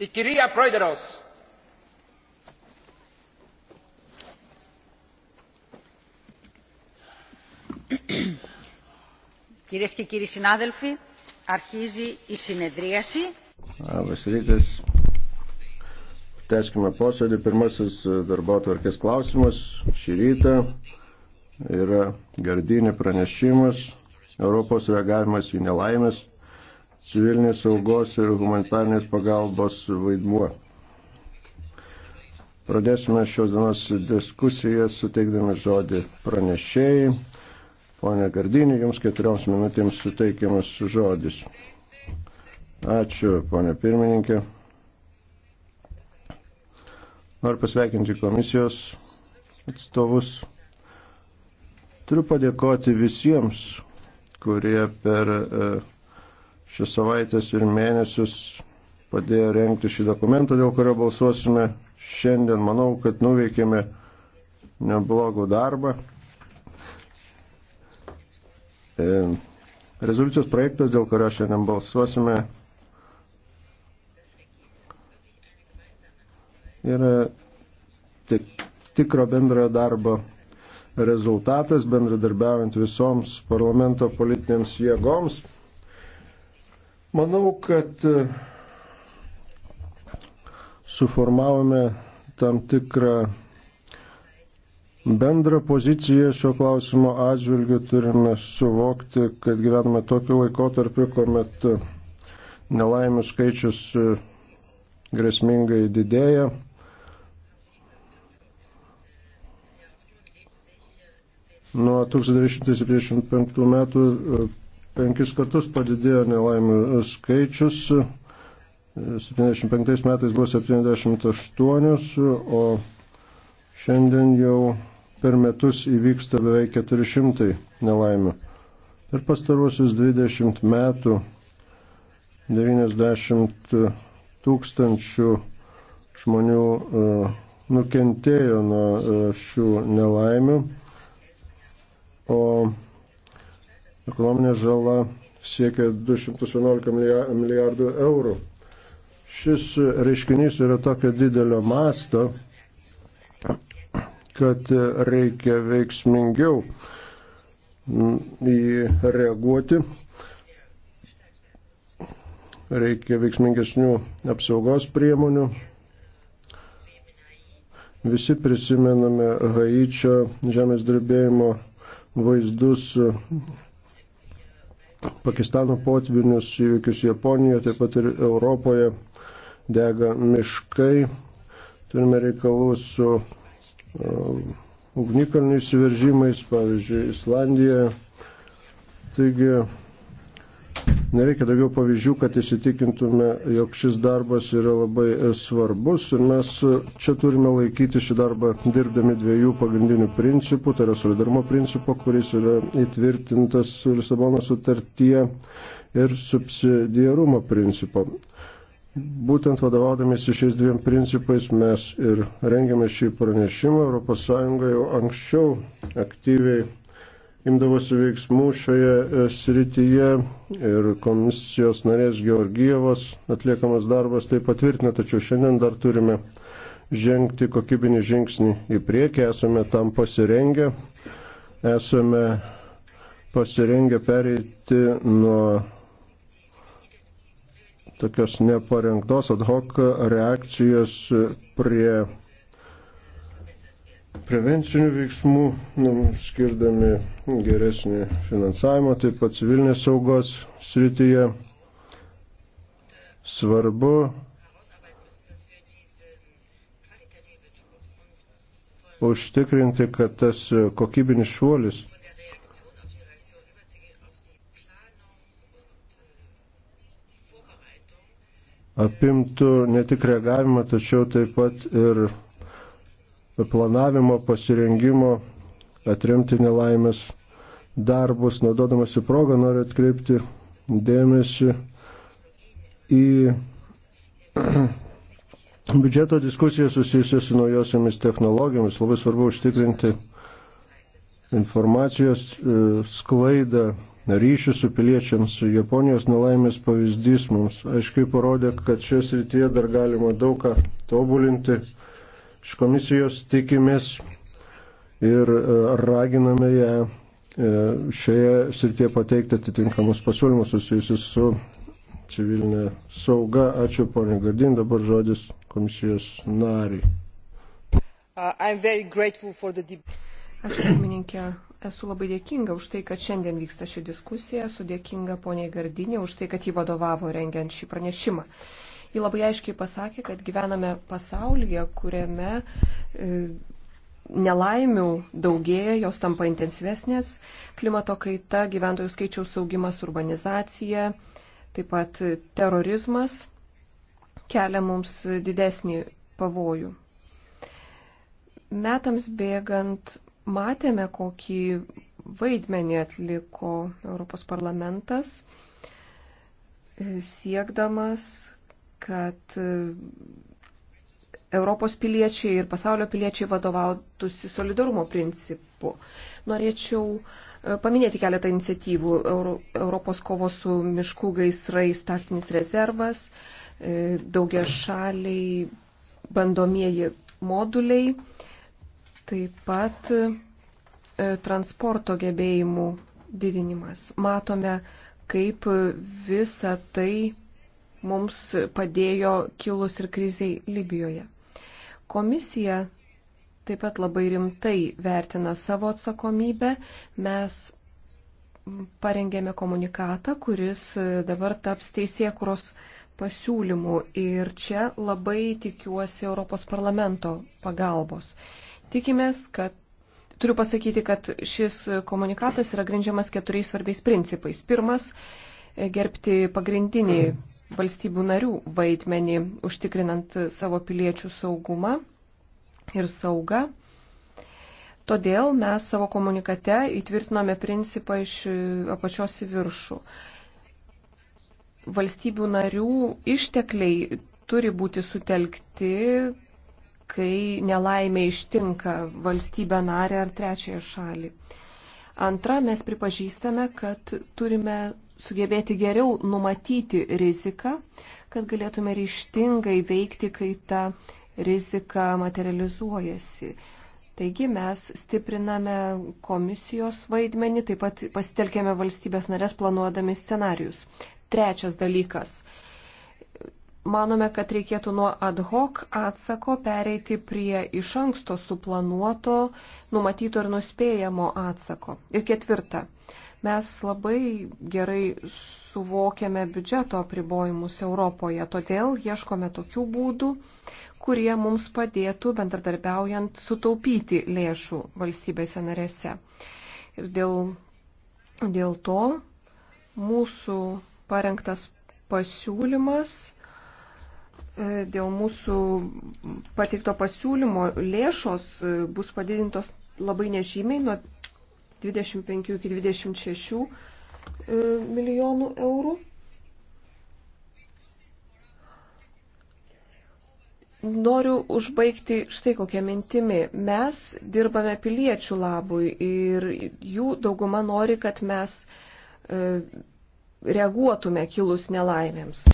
Η κυρία Πρόεδρος. Κυρίες και κύριοι συνάδελφοι, αρχίζει η συνεδρίαση. Labas rytas. Teskime posėdį. Pirmasis e, darbo atvarkės klausimas šį rytą yra gardinė pranešimas Europos reagavimas į nelaimės civilinės saugos ir humanitarnės pagalbos vaidmuo. Pradėsime šios dienos diskusiją suteikdami žodį pranešėjai. Pone Gardinį, jums keturioms minutėms suteikiamas žodis. Ačiū, ponė pirmininkė. Noriu pasveikinti komisijos atstovus. Turiu padėkoti visiems, kurie per uh, šias savaitės ir mėnesius padėjo renkti šį dokumentą, dėl kurio balsuosime šiandien. Manau, kad nuveikėme neblogų darbą. E, rezoliucijos projektas, dėl kurio šiandien balsuosime, yra tik, tikro bendrojo darbo rezultatas, bendradarbiaujant visoms parlamento politinėms jėgoms. Manau, kad e, suformavome tam tikrą bendrą poziciją šio klausimo atžvilgiu. Turime suvokti, kad gyvename tokiu laikotarpiu, kuomet nelaimių skaičius e, grėsmingai didėja. Nuo 1975 metų e, penkis kartus padidėjo nelaimių skaičius. 75 metais buvo 78, o šiandien jau per metus įvyksta beveik 400 nelaimių. Per pastaruosius 20 metų 90 tūkstančių žmonių e, nukentėjo nuo e, šių nelaimių, o Ekonominė žala siekia 211 milijardų eurų. Šis reiškinys yra tokio didelio masto, kad reikia veiksmingiau į reaguoti, reikia veiksmingesnių apsaugos priemonių. Visi prisimename Haičio žemės drebėjimo vaizdus Pakistano potvinius įvykius Japonijoje, taip pat ir Europoje dega miškai. Turime reikalų su uh, ugnikalnių įsiveržimais, pavyzdžiui, Islandijoje. Taigi Nereikia daugiau pavyzdžių, kad įsitikintume, jog šis darbas yra labai e, svarbus ir mes e, čia turime laikyti šį darbą dirbdami dviejų pagrindinių principų, tai yra solidarumo principo, kuris yra įtvirtintas Lisabono sutartyje ir subsidiarumo principo. Būtent vadovaudamėsi šiais dviem principais mes ir rengiame šį pranešimą. ES jau anksčiau aktyviai imdavosi veiksmų šioje e, srityje ir komisijos narės Georgijevos atliekamas darbas tai patvirtina, tačiau šiandien dar turime žengti kokybinį žingsnį į priekį, esame tam pasirengę, esame pasirengę pereiti nuo tokios neparengtos ad hoc reakcijos prie prevencinių veiksmų, nu, skirdami geresnį finansavimą, taip pat civilinės saugos srityje. Svarbu užtikrinti, kad tas kokybinis šuolis apimtų ne tik reagavimą, tačiau taip pat ir planavimo, pasirengimo atremti nelaimės darbus. Naudodamasi progą noriu atkreipti dėmesį į biudžeto diskusiją susijusią su naujosiamis technologijomis. Labai svarbu užtikrinti informacijos e, sklaidą, ryšių su piliečiams. Japonijos nelaimės pavyzdys mums aiškiai parodė, kad šios rytyje dar galima daug ką tobulinti iš komisijos tikimės ir e, raginame ją e, šioje srityje pateikti atitinkamus pasiūlymus susijusius su civilinė sauga. Ačiū, ponė Gardin, dabar žodis komisijos nariui. Uh, Aš pirmininkė esu labai dėkinga už tai, kad šiandien vyksta ši diskusija, esu dėkinga poniai Gardinė už tai, kad jį vadovavo rengiant šį pranešimą. Ji labai aiškiai pasakė, kad gyvename pasaulyje, kuriame e, nelaimių daugėja, jos tampa intensyvesnės, klimato kaita, gyventojų skaičiaus augimas, urbanizacija, taip pat terorizmas kelia mums didesnį pavojų. Metams bėgant matėme, kokį vaidmenį atliko Europos parlamentas, e, siekdamas, kad e, Europos piliečiai ir pasaulio piliečiai vadovautųsi solidarumo principu. Norėčiau e, paminėti keletą iniciatyvų. Euro, Europos kovos su miškų gaisrais taktinis rezervas, e, daugia šaliai bandomieji moduliai, taip pat transporto gebėjimų didinimas. Matome, kaip visa tai mums padėjo kilus ir kriziai Libijoje. Komisija taip pat labai rimtai vertina savo atsakomybę. Mes parengėme komunikatą, kuris dabar taps teisėkuros pasiūlymų ir čia labai tikiuosi Europos parlamento pagalbos. Tikimės, kad turiu pasakyti, kad šis komunikatas yra grindžiamas keturiais svarbiais principais. Pirmas - gerbti pagrindinį valstybių narių vaidmenį, užtikrinant savo piliečių saugumą ir saugą. Todėl mes savo komunikate įtvirtinome principą iš apačios į viršų. Valstybių narių ištekliai turi būti sutelkti, kai nelaimė ištinka valstybę narę ar trečiąją šalį. Antra, mes pripažįstame, kad turime sugebėti geriau numatyti riziką, kad galėtume ryštingai veikti, kai ta rizika materializuojasi. Taigi mes stipriname komisijos vaidmenį, taip pat pasitelkėme valstybės narės planuodami scenarius. Trečias dalykas. Manome, kad reikėtų nuo ad hoc atsako pereiti prie iš anksto suplanuoto, numatyto ir nuspėjamo atsako. Ir ketvirta Mes labai gerai suvokiame biudžeto apribojimus Europoje, todėl ieškome tokių būdų, kurie mums padėtų bendradarbiaujant sutaupyti lėšų valstybėse narėse. Ir dėl, dėl to mūsų parengtas pasiūlymas e, dėl mūsų pateikto pasiūlymo lėšos e, bus padidintos labai nežymiai nuo 25 iki 26 e, milijonų eurų. Noriu užbaigti štai kokią mintimį. Mes dirbame piliečių labui ir jų dauguma nori, kad mes e, reaguotume kilus nelaimėms.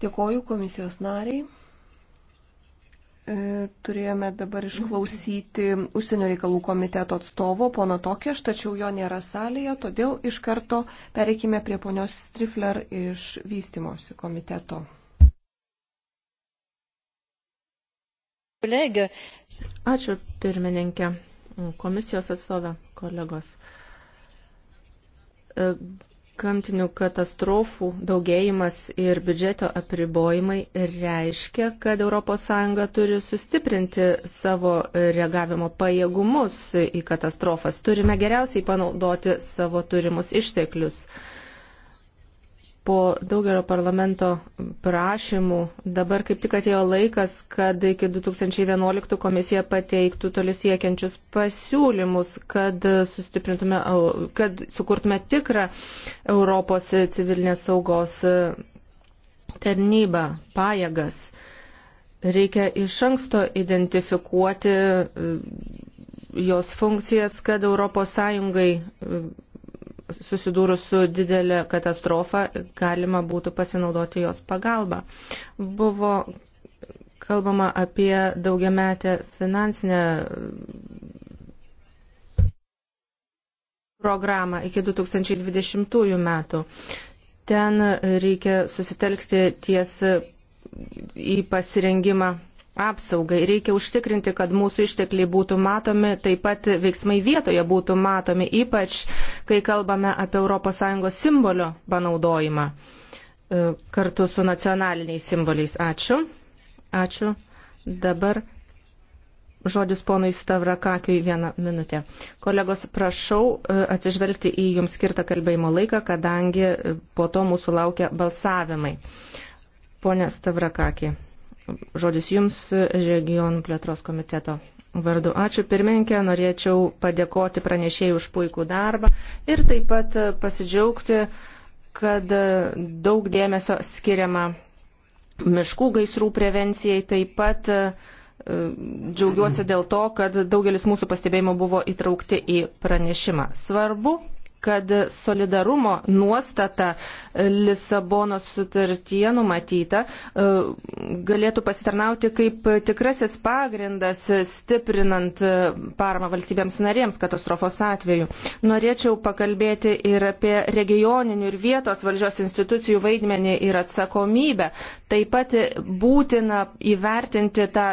Dėkoju komisijos nariai. E, turėjome dabar išklausyti užsienio reikalų komiteto atstovo, pono Tokieš, tačiau jo nėra salėje, todėl iš karto pereikime prie ponios Strifler iš vystimosi komiteto. Ačiū pirmininkė, komisijos atstovė, kolegos e, Gamtinių katastrofų daugėjimas ir biudžeto apribojimai reiškia, kad ES turi sustiprinti savo reagavimo pajėgumus į katastrofas. Turime geriausiai panaudoti savo turimus išteklius po daugelio parlamento prašymų dabar kaip tik atėjo laikas, kad iki 2011 komisija pateiktų toli siekiančius pasiūlymus, kad, kad sukurtume tikrą Europos civilinės saugos tarnybą, pajėgas. Reikia iš anksto identifikuoti e, jos funkcijas, kad ES susidūrus su didelė katastrofa galima būtų pasinaudoti jos pagalba. Buvo kalbama apie daugiametę finansinę programą iki 2020 metų. Ten reikia susitelkti ties į pasirengimą apsaugai. Reikia užtikrinti, kad mūsų ištekliai būtų matomi, taip pat veiksmai vietoje būtų matomi, ypač kai kalbame apie ES simbolio panaudojimą e, kartu su nacionaliniais simboliais. Ačiū. Ačiū. Dabar žodis ponui Stavrakakiui vieną minutę. Kolegos, prašau e, atsižvelgti į jums skirtą kalbėjimo laiką, kadangi e, po to mūsų laukia balsavimai. Pone Stavrakakį. Žodis Jums regionų plėtros komiteto vardu. Ačiū pirmininkė, norėčiau padėkoti pranešėjai už puikų darbą ir taip pat pasidžiaugti, kad daug dėmesio skiriama miškų gaisrų prevencijai. Taip pat e, džiaugiuosi dėl to, kad daugelis mūsų pastebėjimų buvo įtraukti į pranešimą. Svarbu kad solidarumo nuostata Lisabonos sutartyje numatyta e, galėtų pasitarnauti kaip tikrasis pagrindas stiprinant e, paramą valstybėms narėms katastrofos atveju. Norėčiau pakalbėti ir apie regioninių ir vietos valdžios institucijų vaidmenį ir atsakomybę. Taip pat būtina įvertinti tą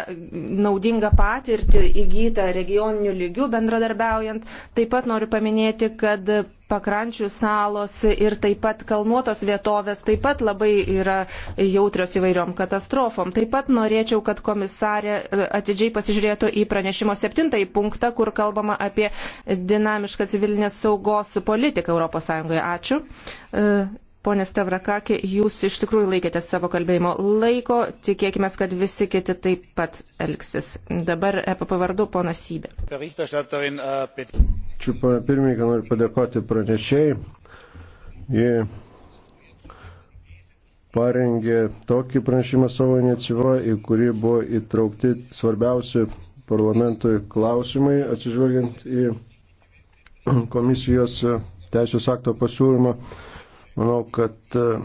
naudingą patirtį įgytą regioninių lygių bendradarbiaujant. Taip pat noriu paminėti, kad pakrančių salos ir taip pat kalnuotos vietovės taip pat labai yra jautrios įvairiom katastrofom. Taip pat norėčiau, kad komisarė e, atidžiai pasižiūrėtų į pranešimo septintąjį punktą, kur kalbama apie dinamišką civilinės saugos politiką ES. Ačiū. E, Pone Stavrakakė, jūs iš tikrųjų laikėte savo kalbėjimo laiko, tikėkime, kad visi kiti taip pat elgsis. Dabar EPP vardu ponas Sybė. Äh, Čia pirmininkai noriu padėkoti pranešėjai. Jie parengė tokį pranešimą savo iniciatyvą, į kurį buvo įtraukti svarbiausi parlamentui klausimai, atsižvelgiant į komisijos teisės akto pasiūlymą Manau, kad e,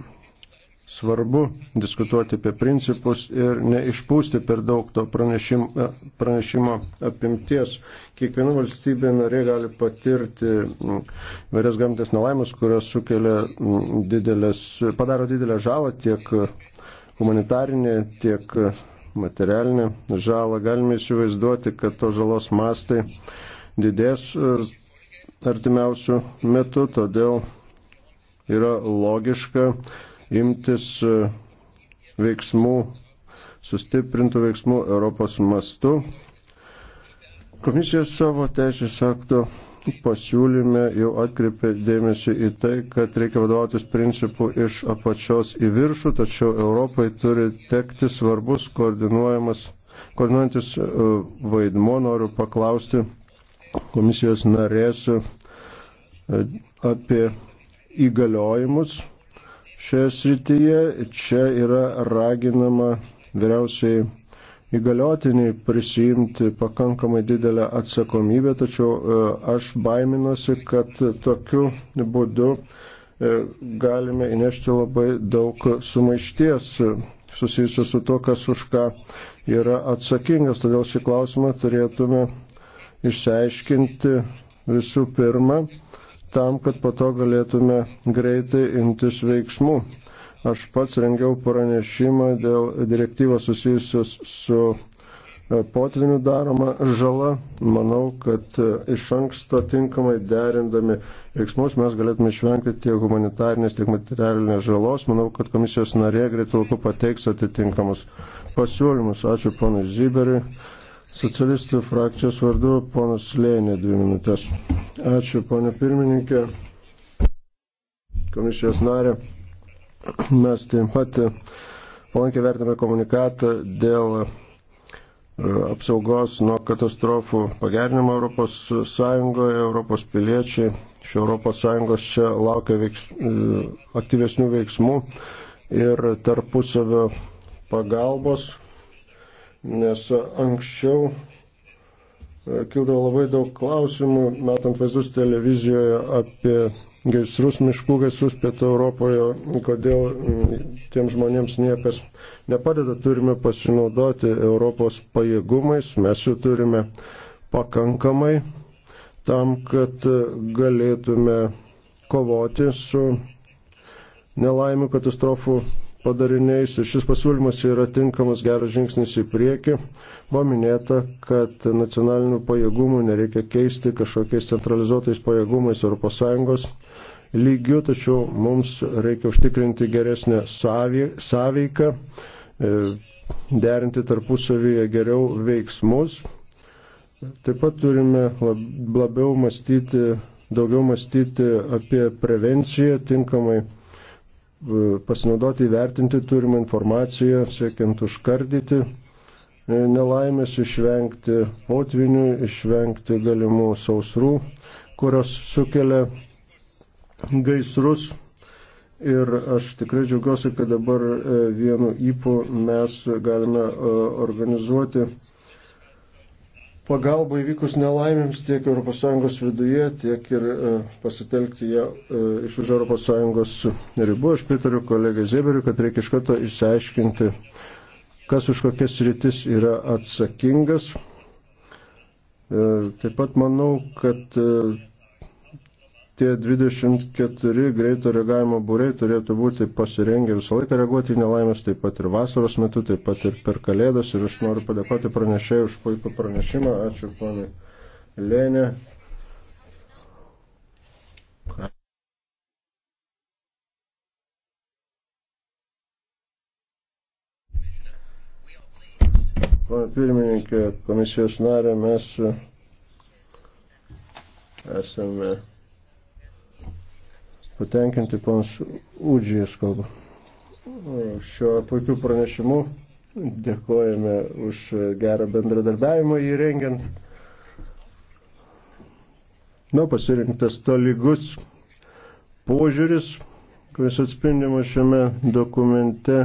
svarbu diskutuoti apie principus ir neišpūsti per daug to pranešimo, e, pranešimo apimties. Kiekviena valstybė narė gali patirti vairias gamtės nelaimus, kurios sukelia didelės, padaro didelę žalą tiek humanitarinė, tiek materialinė žalą. Galime įsivaizduoti, kad to žalos mastai didės e, artimiausių metų, todėl yra logiška imtis e, veiksmų, sustiprintų veiksmų Europos mastu. Komisija savo teisės akto pasiūlyme jau atkreipė dėmesį į tai, kad reikia vadovautis principų iš apačios į viršų, tačiau Europai turi tekti svarbus koordinuojamas, koordinuojantis e, vaidmo, noriu paklausti komisijos narės e, apie įgaliojimus šioje srityje. Čia yra raginama vyriausiai įgaliotiniai prisijimti pakankamai didelę atsakomybę, tačiau e, aš baiminuosi, kad tokiu būdu e, galime įnešti labai daug sumaišties susijusiu su to, kas už ką yra atsakingas. Todėl šį klausimą turėtume išsiaiškinti visų pirma tam, kad po to galėtume greitai imtis veiksmų. Aš pats rengiau pranešimą dėl direktyvos susijusios su e, potvinių daroma žala. Manau, kad e, iš anksto tinkamai derindami veiksmus mes galėtume išvengti tiek humanitarnės, tiek materialinės žalos. Manau, kad komisijos narė greitai laiku pateiks atitinkamus pasiūlymus. Ačiū ponui Zyberiui. Socialistų frakcijos vardu ponas Lėnė dvi minutės. Ačiū, ponė pirmininkė, komisijos narė. Mes taip pat palankiai vertiname komunikatą dėl e, apsaugos nuo katastrofų pagerinimo Europos Sąjungoje, Europos piliečiai iš Europos Sąjungos čia laukia veiks, e, aktyvesnių veiksmų ir tarpusavio pagalbos nes anksčiau e, kildavo labai daug klausimų, matant vaizdus televizijoje apie gaisrus, miškų gaisrus pietų Europoje, kodėl mm, tiem žmonėms niekas nepadeda, turime pasinaudoti Europos pajėgumais, mes jų turime pakankamai tam, kad e, galėtume kovoti su nelaimių katastrofų padariniais ir šis pasiūlymas yra tinkamas geras žingsnis į priekį. Buvo minėta, kad nacionalinių pajėgumų nereikia keisti kažkokiais centralizuotais pajėgumais ES lygių, tačiau mums reikia užtikrinti geresnę sąveiką, e, derinti tarpusavyje geriau veiksmus. Taip pat turime labiau mąstyti, daugiau mąstyti apie prevenciją tinkamai E, pasinaudoti įvertinti turimą informaciją, siekiant užkardyti e, nelaimės, išvengti potvinių, išvengti galimų sausrų, kurios sukelia gaisrus. Ir aš tikrai džiaugiuosi, kad dabar e, vienu įpu mes galime organizuoti pagalbą įvykus nelaimėms tiek ES viduje, tiek ir e, pasitelkti ją e, iš už ES ribų. Aš pritariu kolegai Zeberiu, kad reikia iš karto išsiaiškinti, kas už kokias rytis yra atsakingas. E, taip pat manau, kad tie 24 greito reagavimo būriai turėtų būti pasirengę visą laiką reaguoti į nelaimės, taip pat ir vasaros metu, taip pat ir per kalėdas. Ir aš noriu padėkoti pranešėjai už puikų pranešimą. Ačiū ponai Lėnė. Pana pirmininkė, komisijos narė, mes esame patenkinti ponas Udžijas kalbą. Šiuo puikiu pranešimu dėkojame už gerą bendradarbiavimą įrengiant. Na, pasirinktas tolygus požiūris, kuris atspindimas šiame dokumente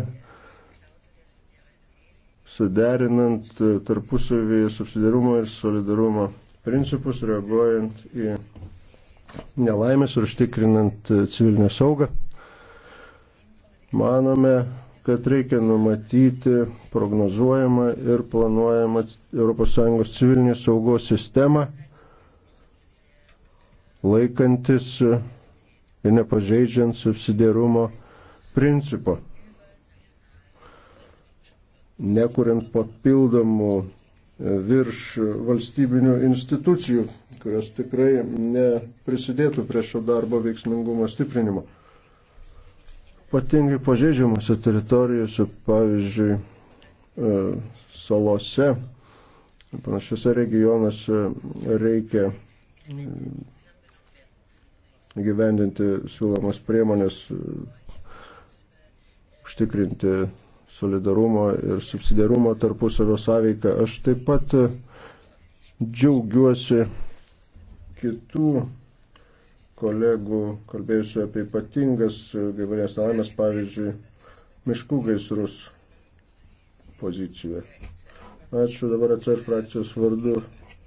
suderinant tarpusavį subsidarumo ir solidarumo principus, reaguojant į nelaimės ir užtikrinant civilinę saugą. Manome, kad reikia numatyti prognozuojamą ir planuojamą ES civilinės saugos sistemą, laikantis ir nepažeidžiant subsidiarumo principo, nekuriant papildomų virš valstybinių institucijų, kurios tikrai neprisidėtų prie šio darbo veiksmingumo stiprinimo. Patingai pažeidžiamose teritorijose, pavyzdžiui, e, salose, panašiose regionuose reikia e, gyvendinti siūlomas priemonės, e, užtikrinti solidarumo ir subsidiarumo tarpusavio sąveiką. Aš taip pat e, džiaugiuosi kitų kolegų, kalbėjusių apie ypatingas e, gyvūnės nelaimės, pavyzdžiui, miškų gaisrus poziciją. Ačiū dabar atsar frakcijos vardu,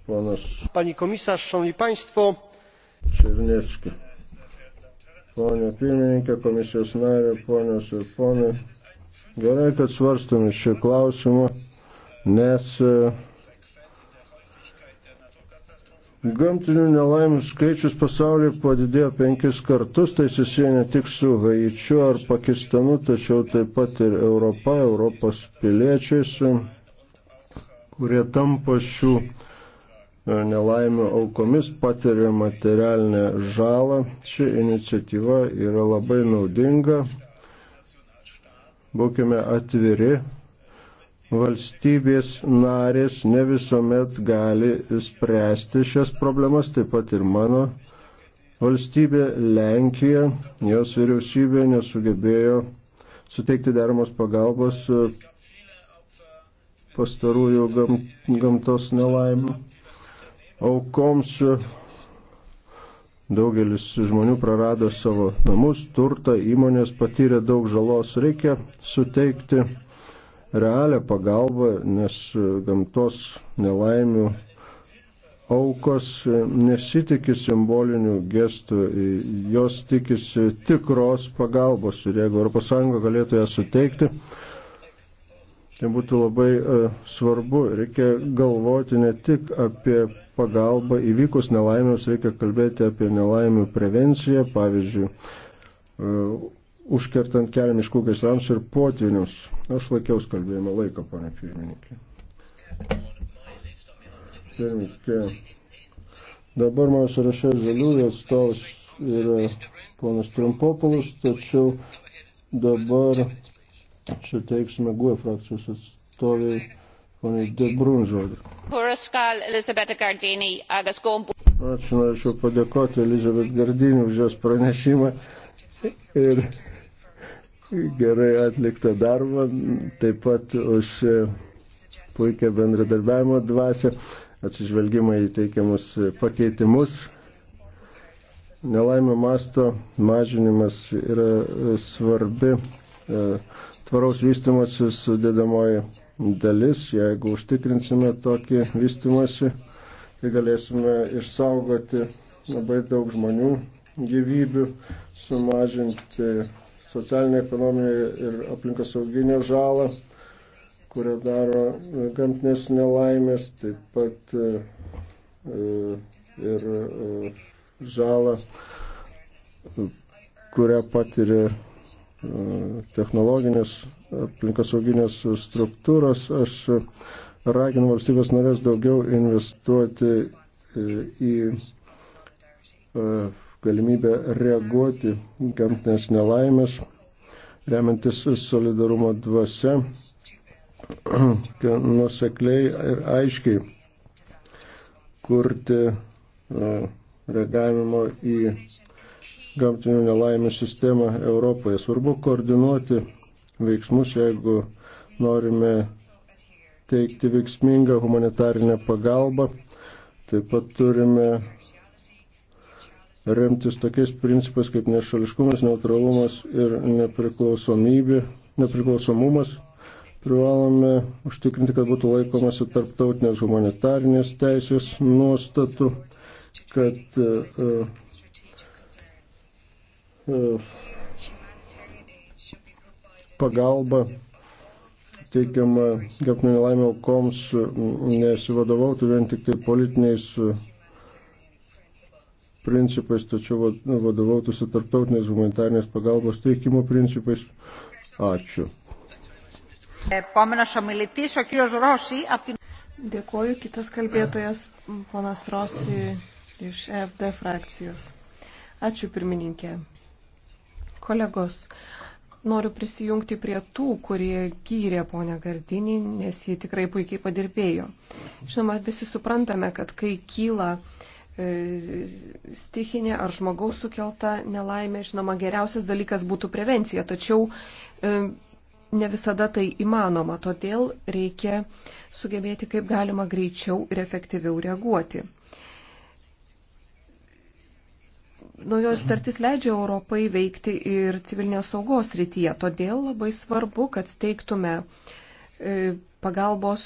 ponas. Pani komisarz, szanowni państwo. Černievski. Pone pirmininkė, komisijos narė, ponios ir ponai. Gerai, kad svarstame šį klausimą, nes e, gamtinių nelaimų skaičius pasaulyje padidėjo penkis kartus, tai susiję ne tik su Haičiu ar Pakistanu, tačiau taip pat ir Europa, Europos piliečiais, kurie tampa šių e, nelaimių aukomis patiria materialinę žalą. Ši iniciatyva yra labai naudinga, būkime atviri, valstybės narės ne visuomet gali spręsti šias problemas, taip pat ir mano valstybė Lenkija, jos vyriausybė nesugebėjo suteikti deramos pagalbos e, pastarųjų gam, gamtos nelaimių aukoms Daugelis žmonių prarado savo namus, turtą, įmonės patyrė daug žalos. Reikia suteikti realią pagalbą, nes gamtos nelaimių aukos nesitikė simbolinių gestų, jos tikisi tikros pagalbos ir jeigu ES galėtų ją suteikti, būtų labai e, svarbu. Reikia galvoti ne tik apie pagalbą įvykus nelaimėms, reikia kalbėti apie nelaimių prevenciją, pavyzdžiui, e, užkertant kelią miškų gaisrams ir potvinius. Aš laikiaus kalbėjimo laiko, ponė pirmininkė. Pirmininkė. Dabar mano sąraše žaliųjų atstovas yra ponas Trumpopoulos, tačiau dabar suteiksime GUE frakcijos atstoviai poniai Debrun žodį. Ačiū, norėčiau padėkoti Elizabet Gardinį už jos pranešimą ir gerai atliktą darbą, taip pat už puikia bendradarbiavimo dvasia, atsižvelgimą į teikiamus pakeitimus. Nelaimė masto mažinimas yra svarbi e, tvaraus vystimosi sudėdamoji dalis. Jeigu užtikrinsime tokį vystimosi, tai galėsime išsaugoti labai daug žmonių gyvybių, sumažinti socialinę, ekonominę ir aplinkosauginę žalą, kurią daro gamtinės nelaimės, taip pat e, ir e, žalą, kurią patiria technologinės aplinkosauginės struktūros. Aš raginu valstybės narės daugiau investuoti e, į e, galimybę reaguoti gamtinės nelaimės, remiantis solidarumo dvasia, nusekliai ir aiškiai kurti e, reagavimo į gamtinių nelaimių sistemą Europoje. Svarbu koordinuoti veiksmus, jeigu norime teikti veiksmingą humanitarinę pagalbą. Taip pat turime remtis tokiais principais kaip nešališkumas, neutralumas ir nepriklausomybė, nepriklausomumas. Privalome užtikrinti, kad būtų laikomasi tarptautinės humanitarinės teisės nuostatų, kad uh, E, pagalba teikiama gamtinio nelaimė aukoms nesivadovautų vien tik tai politiniais e, principais, tačiau vadovautųsi tarptautinės humanitarnės pagalbos teikimo principais. Ačiū. Dėkuoju, kitas kalbėtojas, ponas Rosi iš FD frakcijos. Ačiū pirmininkė. Kolegos, noriu prisijungti prie tų, kurie gyrė ponę Gardinį, nes ji tikrai puikiai padirbėjo. Žinoma, visi suprantame, kad kai kyla e, stichinė ar žmogaus sukelta nelaimė, žinoma, geriausias dalykas būtų prevencija, tačiau e, ne visada tai įmanoma, todėl reikia sugebėti kaip galima greičiau ir efektyviau reaguoti. naujoji sutartis leidžia Europai veikti ir civilinės saugos rytyje. Todėl labai svarbu, kad steigtume e, pagalbos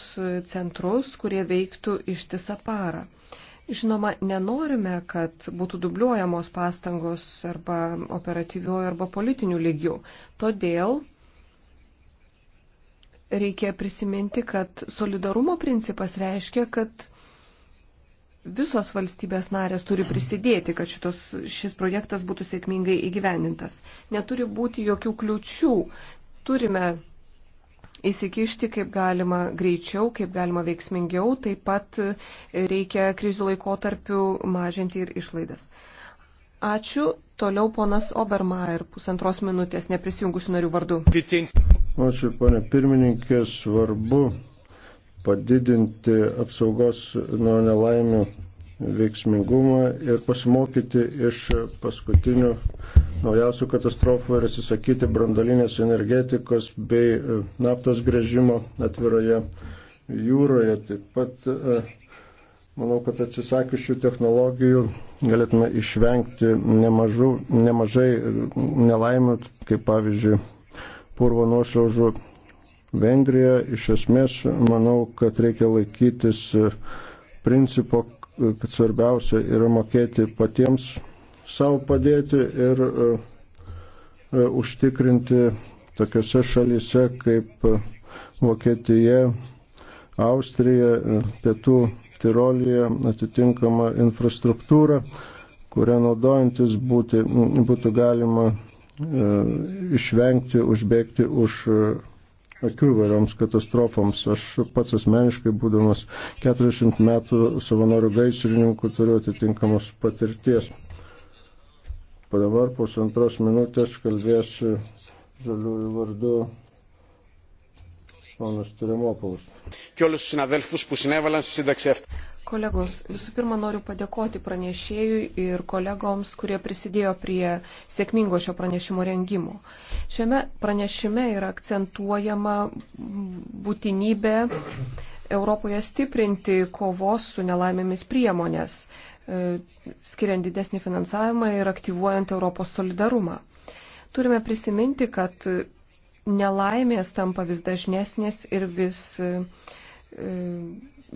centrus, kurie veiktų ištisą parą. Žinoma, nenorime, kad būtų dubliuojamos pastangos arba operatyviojo arba politinių lygių. Todėl reikia prisiminti, kad solidarumo principas reiškia, kad visos valstybės narės turi prisidėti, kad šitos, šis projektas būtų sėkmingai įgyvendintas. Neturi būti jokių kliučių. Turime įsikišti kaip galima greičiau, kaip galima veiksmingiau. Taip pat reikia krizių laikotarpių mažinti ir išlaidas. Ačiū. Toliau ponas Obermaier, pusantros minutės neprisijungusių narių vardu. Ačiū, ponė pirmininkė, svarbu padidinti apsaugos nuo nelaimių veiksmingumą ir pasimokyti iš paskutinių naujausių katastrofų ir atsisakyti brandolinės energetikos bei e, naftos grėžimo atviroje jūroje. Taip pat e, manau, kad atsisakius šių technologijų galėtume išvengti nemažų, nemažai e, nelaimių, kaip pavyzdžiui, purvo nuošliaužų Vengrija. Iš esmės, manau, kad reikia laikytis e, principo, kad svarbiausia yra mokėti patiems savo padėti ir e, e, užtikrinti tokiose šalyse kaip Vokietija, Austrija, Pietų Tirolija atitinkama infrastruktūra, kurią naudojantis būti, būtų galima e, išvengti, užbėgti už akivaizdoms katastrofoms. Aš pats asmeniškai, būdamas 40 metų savanorių gaisrininkų, turiu atitinkamos patirties. Pa dabar pusantros minutės kalbėsiu žaliųjų vardu ponas Turemopolis. Και όλους τους συναδέλφους που συνέβαλαν στη σύνταξη αυτή. Kolegos, visų pirma noriu padėkoti pranešėjui ir kolegoms, kurie prisidėjo prie sėkmingo šio pranešimo rengimo. Šiame pranešime yra akcentuojama būtinybė Europoje stiprinti kovos su nelaimėmis priemonės, e, skiriant didesnį finansavimą ir aktyvuojant Europos solidarumą. Turime prisiminti, kad nelaimės tampa vis dažnesnės ir vis e,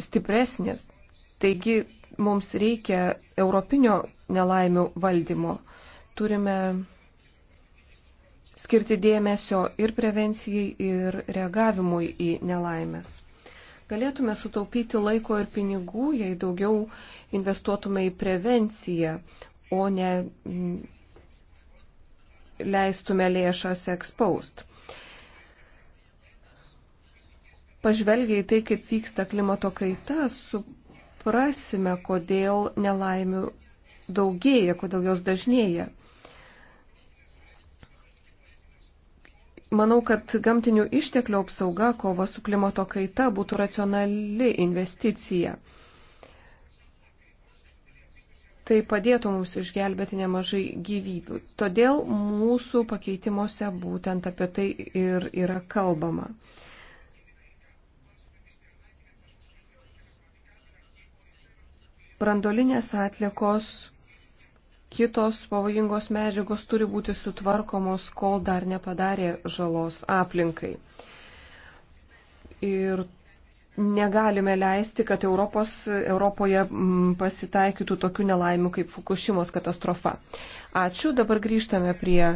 stipresnės. Taigi mums reikia europinio nelaimių valdymo. Turime skirti dėmesio ir prevencijai, ir reagavimui į nelaimės. Galėtume sutaupyti laiko ir pinigų, jei daugiau investuotume į prevenciją, o ne leistume lėšas ekspaust. Pažvelgiai tai, kaip vyksta klimato kaita, su suprasime, kodėl nelaimių daugėja, kodėl jos dažnėja. Manau, kad gamtinių išteklių apsauga, kova su klimato kaita būtų racionali investicija. Tai padėtų mums išgelbėti nemažai gyvybių. Todėl mūsų pakeitimuose būtent apie tai ir yra kalbama. brandolinės atlikos, kitos pavojingos medžiagos turi būti sutvarkomos, kol dar nepadarė žalos aplinkai. Ir negalime leisti, kad Europos, Europoje mm, pasitaikytų tokių nelaimių kaip Fukushimos katastrofa. Ačiū, dabar grįžtame prie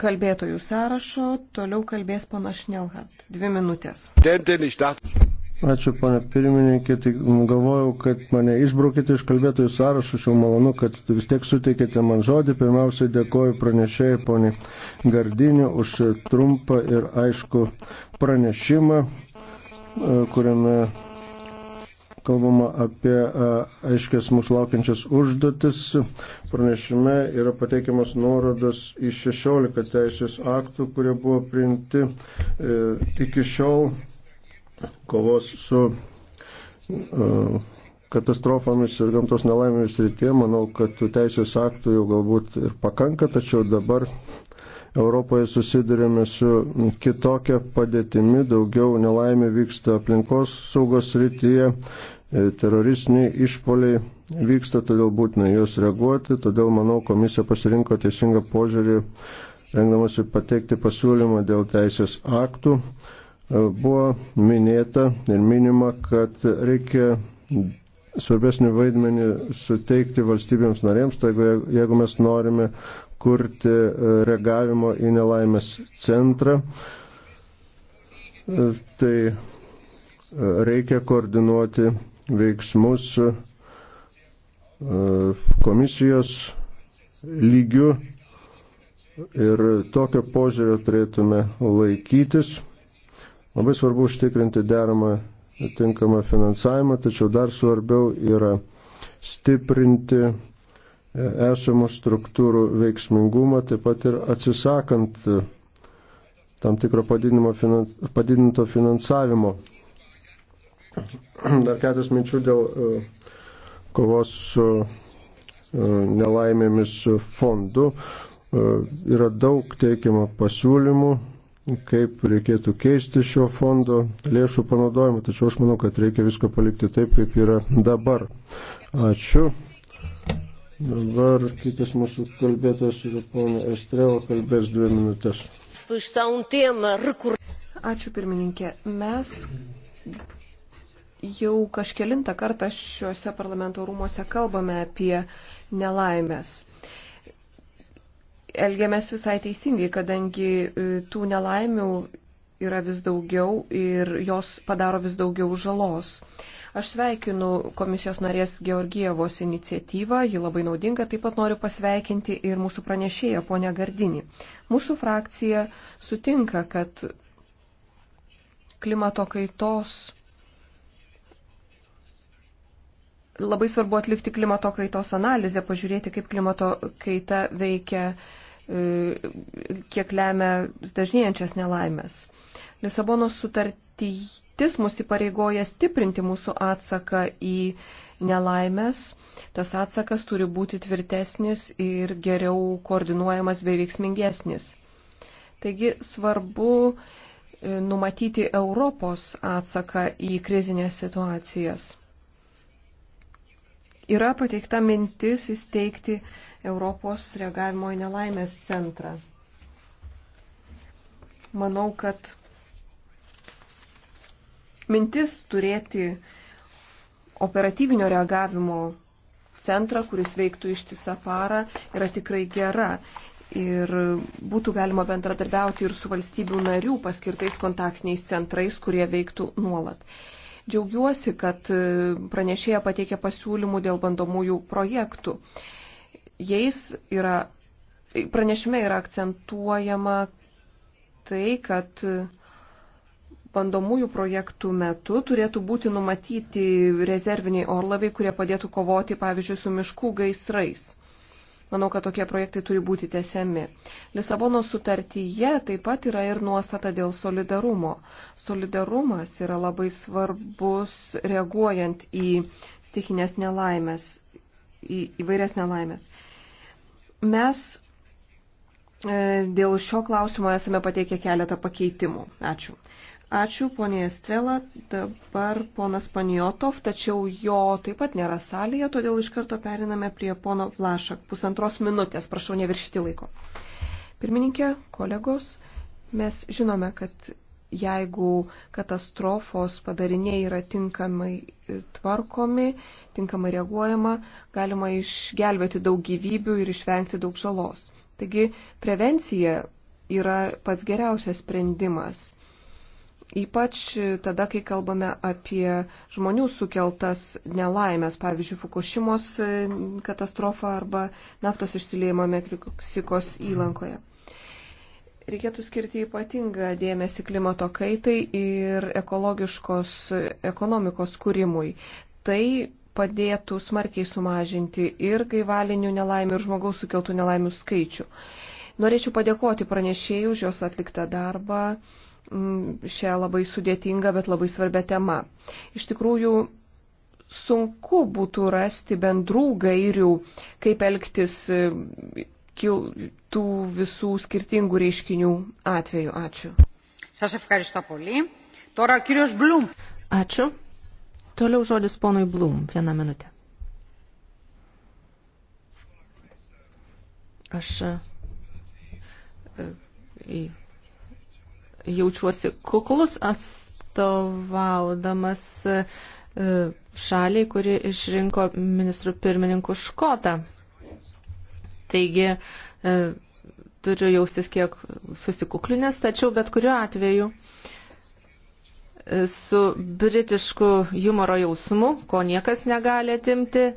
kalbėtojų sąrašo. Toliau kalbės pana Šnelhart. Dvi minutės. Ačiū, pane pirmininkė, tai galvojau, kad mane išbraukite iš kalbėtojų sąrašų, šiau malonu, kad vis tiek suteikėte man žodį. Pirmiausia, dėkoju pranešėjai, poniai Gardinį, už trumpą ir aišku pranešimą, e, kuriame kalbama apie e, aiškės mūsų laukiančias užduotis. Pranešime yra pateikiamas nuorodas į 16 teisės aktų, kurie buvo priimti e, iki šiol kovos su uh, katastrofomis ir gamtos nelaimėmis rytie. Manau, kad teisės aktų jau galbūt ir pakanka, tačiau dabar Europoje susidurėme su kitokia padėtimi, daugiau nelaimė vyksta aplinkos saugos rytyje, e, teroristiniai išpoliai vyksta, todėl būtina juos reaguoti, todėl manau komisija pasirinko teisingą požiūrį, rengdamasi pateikti pasiūlymą dėl teisės aktų E, buvo minėta ir minima, kad reikia svarbesnį vaidmenį suteikti valstybėms narėms, tai jeigu, jeigu mes norime kurti e, reagavimo į nelaimės centrą, e, tai reikia koordinuoti veiksmus komisijos lygių ir tokio požiūrio turėtume laikytis. Labai svarbu užtikrinti deramą tinkamą finansavimą, tačiau dar svarbiau yra stiprinti e, esamų struktūrų veiksmingumą, taip pat ir atsisakant e, tam tikro finans, padidinto finansavimo. Dar ketas minčių dėl e, kovos su nelaimėmis fondu. Yra daug teikiamų pasiūlymų, kaip reikėtų keisti šio fondo lėšų panaudojimą, tačiau aš manau, kad reikia viską palikti taip, kaip yra dabar. Ačiū. Dabar kitas mūsų kalbėtas yra pana Estrela, kalbės dvi minutės. Ačiū pirmininkė. Mes jau kažkelintą kartą šiuose parlamento rūmose kalbame apie nelaimės elgiamės visai teisingai, kadangi e, tų nelaimių yra vis daugiau ir jos padaro vis daugiau žalos. Aš sveikinu komisijos narės Georgievos iniciatyvą, ji labai naudinga, taip pat noriu pasveikinti ir mūsų pranešėją, ponę Gardinį. Mūsų frakcija sutinka, kad klimato kaitos labai svarbu atlikti klimato kaitos analizę, pažiūrėti, kaip klimato kaita veikia, e, kiek lemia dažnėjančias nelaimės. Lisabonos sutartytis mus įpareigoja stiprinti mūsų atsaką į nelaimės. Tas atsakas turi būti tvirtesnis ir geriau koordinuojamas bei veiksmingesnis. Taigi svarbu e, numatyti Europos atsaką į krizinės situacijas yra pateikta mintis įsteigti Europos reagavimo į nelaimės centrą. Manau, kad mintis turėti operatyvinio reagavimo centrą, kuris veiktų ištisą parą, yra tikrai gera. Ir būtų galima bendradarbiauti ir su valstybių narių paskirtais kontaktiniais centrais, kurie veiktų nuolat. Džiaugiuosi, kad e, pranešėja pateikė pasiūlymų dėl bandomųjų projektų. Jais yra, pranešime yra akcentuojama tai, kad e, bandomųjų projektų metu turėtų būti numatyti rezerviniai orlaviai, kurie padėtų kovoti, pavyzdžiui, su miškų gaisrais. Manau, kad tokie projektai turi būti tesiami. Lisabono sutartyje taip pat yra ir nuostata dėl solidarumo. Solidarumas yra labai svarbus reaguojant į stikinės nelaimės, į įvairias nelaimės. Mes e, dėl šio klausimo esame pateikę keletą pakeitimų. Ačiū. Ačiū, ponė Estrela. Dabar ponas Paniotov, tačiau jo taip pat nėra salėje, todėl iš karto periname prie pono Vlašak. Pusantros minutės, prašau neviršti laiko. Pirmininkė, kolegos, mes žinome, kad jeigu katastrofos padariniai yra tinkamai tvarkomi, tinkamai reaguojama, galima išgelbėti daug gyvybių ir išvengti daug žalos. Taigi prevencija yra pats geriausias sprendimas. Ypač tada, kai kalbame apie žmonių sukeltas nelaimės, pavyzdžiui, Fukushimos e, katastrofą arba naftos išsiliejimą Meksikos įlankoje. Reikėtų skirti ypatingą dėmesį klimato kaitai ir ekologiškos ekonomikos kūrimui. Tai padėtų smarkiai sumažinti ir gaivalinių nelaimių, ir žmogaus sukeltų nelaimių skaičių. Norėčiau padėkoti pranešėjų už jos atliktą darbą Mm, šią labai sudėtingą, bet labai svarbę temą. Iš tikrųjų, sunku būtų rasti bendrų gairių, kaip elgtis e, tų visų skirtingų reiškinių atveju. Ačiū. Ačiū. Toliau žodis ponui Blum. Vieną minutę. Aš į e, e, jaučiuosi kuklus atstovaudamas e, šaliai, kuri išrinko ministrų pirmininkų Škotą. Taigi e, turiu jaustis kiek susikuklinęs, tačiau bet kuriuo atveju su britišku humoro jausmu, ko niekas negali atimti, e,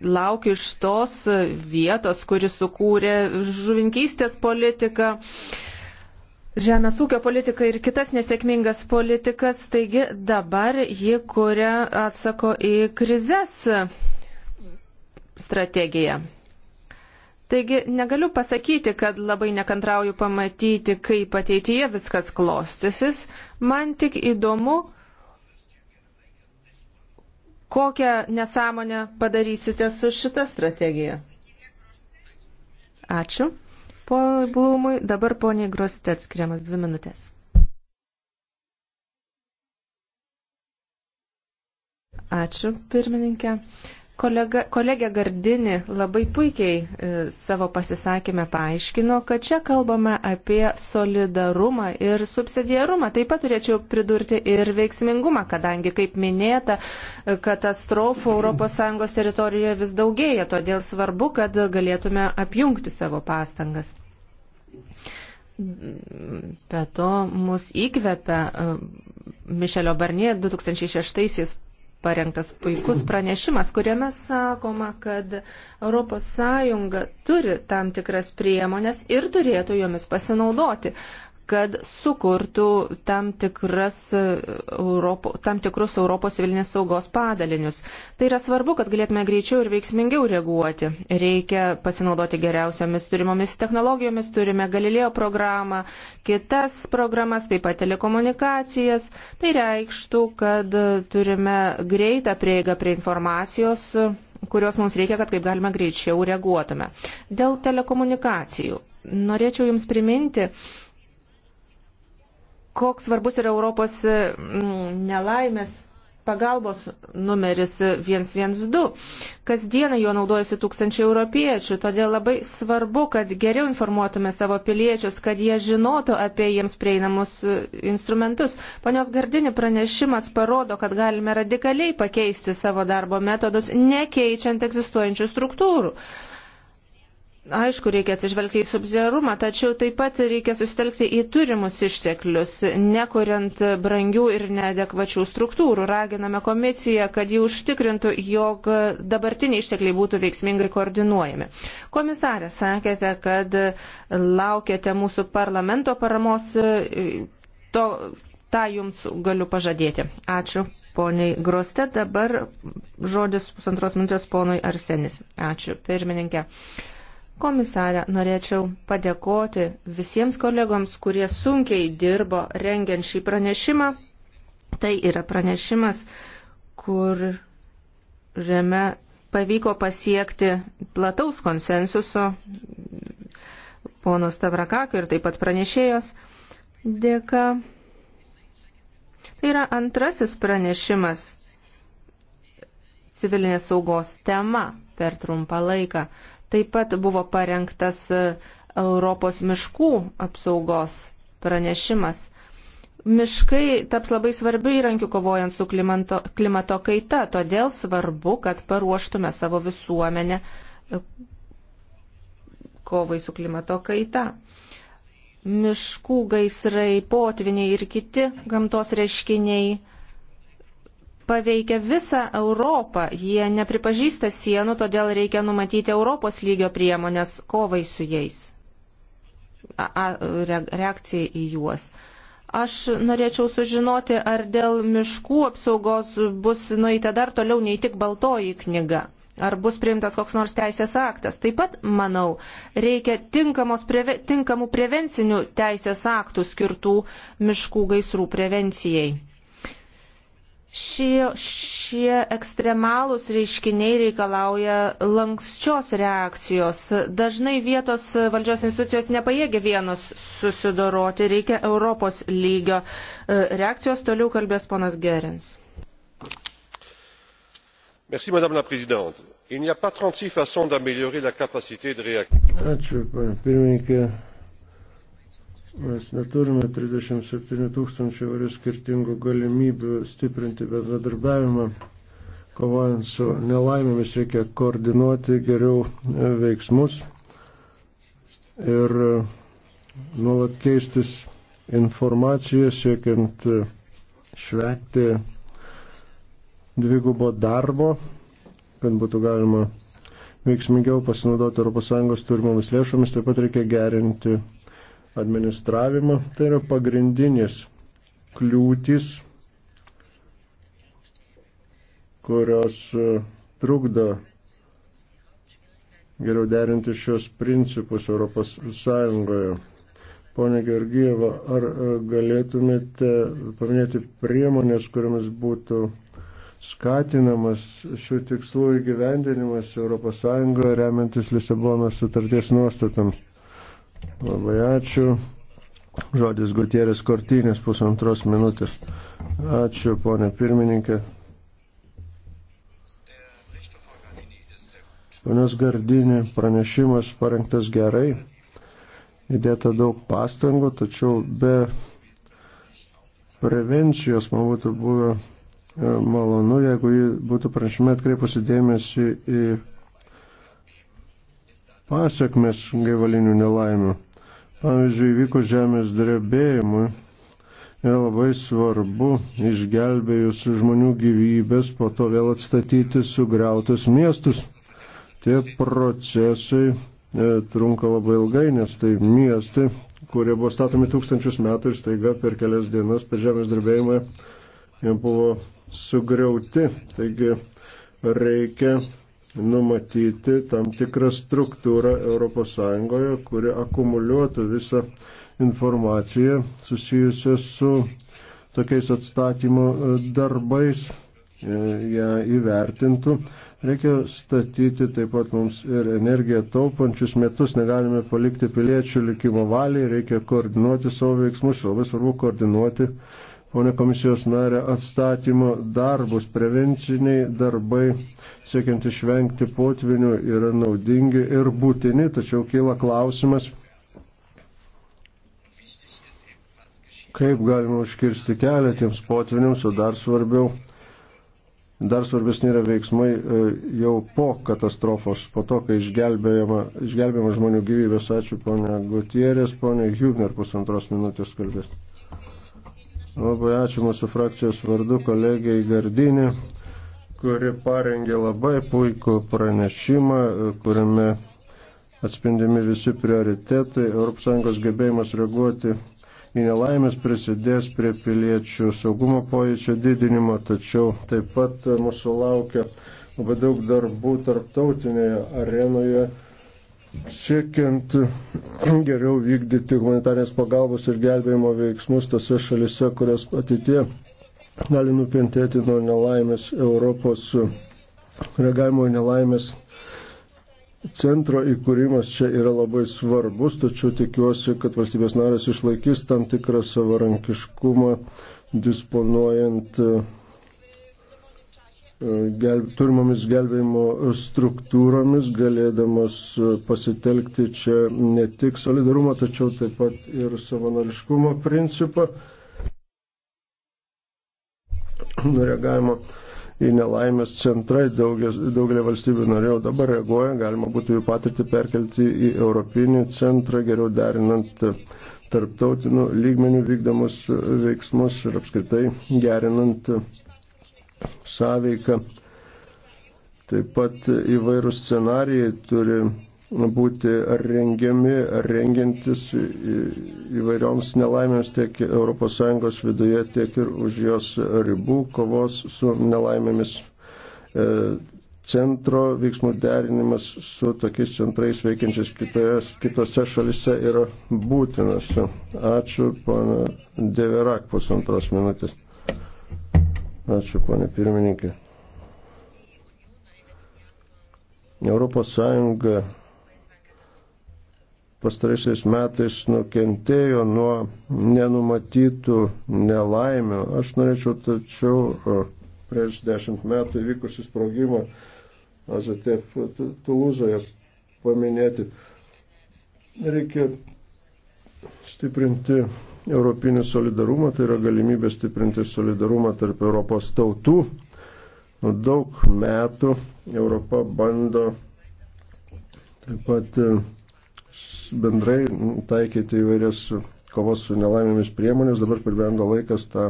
laukiu iš tos vietos, kuri sukūrė žuvinkystės politiką žemės ūkio politiką ir kitas nesėkmingas politikas, taigi dabar ji kuria atsako į krizės strategiją. Taigi negaliu pasakyti, kad labai nekantrauju pamatyti, kaip ateityje viskas klostysis. Man tik įdomu, kokią nesąmonę padarysite su šita strategija. Ačiū. Po Blūmui dabar poniai Grosite atskiriamas dvi minutės. Ačiū, pirmininkė. Kolega, kolegė Gardini labai puikiai e, savo pasisakymę paaiškino, kad čia kalbame apie solidarumą ir subsidiarumą. Taip pat turėčiau pridurti ir veiksmingumą, kadangi, kaip minėta, e, katastrofų ES teritorijoje vis daugėja, todėl svarbu, kad galėtume apjungti savo pastangas. Be to, mus įkvepia e, Mišelio Barnie 2006 parengtas puikus pranešimas, kuriame sakoma, kad ES turi tam tikras priemonės ir turėtų jomis pasinaudoti kad sukurtų tam, tikras, e, Europo, tam tikrus Europos civilinės saugos padalinius. Tai yra svarbu, kad galėtume greičiau ir veiksmingiau reaguoti. Reikia pasinaudoti geriausiomis turimomis technologijomis, turime Galilėjo programą, kitas programas, taip pat telekomunikacijas. Tai reikštų, kad turime greitą prieigą prie informacijos kurios mums reikia, kad kaip galima greičiau reaguotume. Dėl telekomunikacijų. Norėčiau Jums priminti, koks svarbus yra Europos mm, nelaimės pagalbos numeris 112. Kasdieną juo naudojasi tūkstančiai europiečių, todėl labai svarbu, kad geriau informuotume savo piliečius, kad jie žinotų apie jiems prieinamus e, instrumentus. Panios Gardini pranešimas parodo, kad galime radikaliai pakeisti savo darbo metodus, nekeičiant egzistuojančių struktūrų. Aišku, reikia atsižvelgti į subsidiarumą, tačiau taip pat reikia susitelkti į turimus išteklius, nekuriant brangių ir neadekvačių struktūrų. Raginame komisiją, kad ji užtikrintų, jog dabartiniai ištekliai būtų veiksmingai koordinuojami. Komisarė, sakėte, kad laukiate mūsų parlamento paramos. To, tą jums galiu pažadėti. Ačiū. Poniai Groste, dabar žodis pusantros minutės ponui Arsenis. Ačiū, pirmininkė. Uh, Komisarė, norėčiau padėkoti visiems kolegoms, kurie sunkiai dirbo rengiant šį pranešimą. Tai yra pranešimas, kuriame pavyko pasiekti plataus konsensuso pono Stavrakakio ir taip pat pranešėjos dėka. Tai yra antrasis pranešimas civilinės saugos tema per trumpą laiką. Taip pat buvo parengtas e, Europos miškų apsaugos pranešimas. Miškai taps labai svarbiu įrankiu kovojant su klimato, klimato kaita, todėl svarbu, kad paruoštume savo visuomenę e, kovai su klimato kaita. Miškų gaisrai, potviniai ir kiti gamtos reiškiniai paveikia visą Europą. Jie nepripažįsta sienų, todėl reikia numatyti Europos lygio priemonės kovai su jais, a, a, reakcijai į juos. Aš norėčiau sužinoti, ar dėl miškų apsaugos bus nueita dar toliau nei tik baltoji knyga. Ar bus priimtas koks nors teisės aktas. Taip pat, manau, reikia preve, tinkamų prevencinių teisės aktų skirtų miškų gaisrų prevencijai. Šie, šie ekstremalūs reiškiniai reikalauja lankščios reakcijos. Dažnai vietos valdžios institucijos nepajėgia vienos susidoroti, reikia Europos lygio e, reakcijos. Toliau kalbės ponas Gerins. Merci, madame la présidente il n'y a pas trente six façons d'améliorer la capacité de réaction. Mes neturime 37 tūkstančių įvairių skirtingų galimybių stiprinti bendradarbiavimą. Kovojant su nelaimėmis reikia koordinuoti geriau e, veiksmus ir e, nuolat keistis informaciją siekiant e, švekti dvigubo darbo, kad būtų galima veiksmingiau pasinaudoti ES turimomis lėšomis, taip pat reikia gerinti administravimą. Tai yra pagrindinis kliūtis, kurios e, trukdo geriau derinti šios principus Europos Sąjungoje. Pone Georgieva, ar e, galėtumėte paminėti priemonės, kuriamis būtų skatinamas šių tikslų įgyvendinimas Europos Sąjungoje remiantis Lisabonos sutarties nuostatams? Labai ačiū. Žodis Gutierės Kortinės pusantros minutės. Ačiū, ponė pirmininkė. Ponios Gardinė pranešimas parengtas gerai, įdėta daug pastangų, tačiau be prevencijos man būtų buvę e, malonu, jeigu būtų pranešime atkreipusi dėmesį į pasiekmes gaivalinių nelaimių. Pavyzdžiui, vykus žemės drebėjimui yra labai svarbu išgelbėjus žmonių gyvybės, po to vėl atstatyti sugriautus miestus. Tie procesai e, trunka labai ilgai, nes tai miestai, kurie buvo statomi tūkstančius metų ir staiga per kelias dienas per žemės drebėjimą jie buvo sugriauti. Taigi reikia numatyti tam tikrą struktūrą ES, kuri akumuliuotų visą informaciją susijusią su tokiais atstatymo e, darbais, e, ją įvertintų. Reikia statyti taip pat mums ir energiją taupančius metus, negalime palikti piliečių likimo valiai, reikia koordinuoti savo veiksmus, labai svarbu koordinuoti, o ne komisijos narė atstatymo darbus, prevenciniai darbai siekiant išvengti potvinių, yra naudingi ir būtini, tačiau kyla klausimas, kaip galima užkirsti kelią tiems potviniams, o dar svarbiau, dar svarbesni yra veiksmai e, jau po katastrofos, po to, kai išgelbėjama, išgelbėjama žmonių gyvybės. Ačiū, ponia Gutierės, ponia Hübner, pusantros minutės kalbės. Labai ačiū mūsų frakcijos vardu kolegijai Gardinė kuri parengė labai puikų pranešimą, kuriame atspindimi visi prioritetai, ES gebėjimas reaguoti į nelaimės prisidės prie piliečių saugumo pojūčio didinimo, tačiau taip pat mūsų laukia labai daug darbų tarptautinėje arenoje, siekiant geriau vykdyti humanitarės pagalbos ir gelbėjimo veiksmus tose šalise, kurias ateitie gali nukentėti nuo nelaimės Europos e, reagavimo į nelaimės centro įkūrimas čia yra labai svarbus, tačiau tikiuosi, kad valstybės narės išlaikys tam tikrą savarankiškumą, disponuojant e, e, gelb, turimomis gelbėjimo struktūromis, galėdamas pasitelkti čia ne tik solidarumą, tačiau taip pat ir savanoriškumo principą reagavimo į nelaimės centrai daugelį valstybių norėjau dabar reaguoja, galima būtų jų patirtį perkelti į Europinį centrą, geriau derinant tarptautinių lygmenių vykdomus veiksmus ir apskritai gerinant sąveiką. Taip pat įvairūs scenarijai turi būti rengiami, rengiantis įvairioms nelaimėms tiek ES viduje, tiek ir už jos ribų kovos su nelaimėmis. E, centro veiksmų derinimas su tokiais centrais veikiančiais kitos, kitose šalise yra būtinas. Ačiū, pana Deverak, pusantros minutės. Ačiū, pana pirmininkė. Europos Sąjunga pastaraisiais metais nukentėjo nuo nenumatytų nelaimių. Aš norėčiau tačiau prieš dešimt metų įvykusi sprogimą AZTF Tulūzoje paminėti. Reikia stiprinti europinį solidarumą, tai yra galimybė stiprinti solidarumą tarp Europos tautų. Daug metų Europa bando taip pat e, bendrai taikyti įvairias kovos su nelaimėmis priemonės, dabar pribrendo laikas tą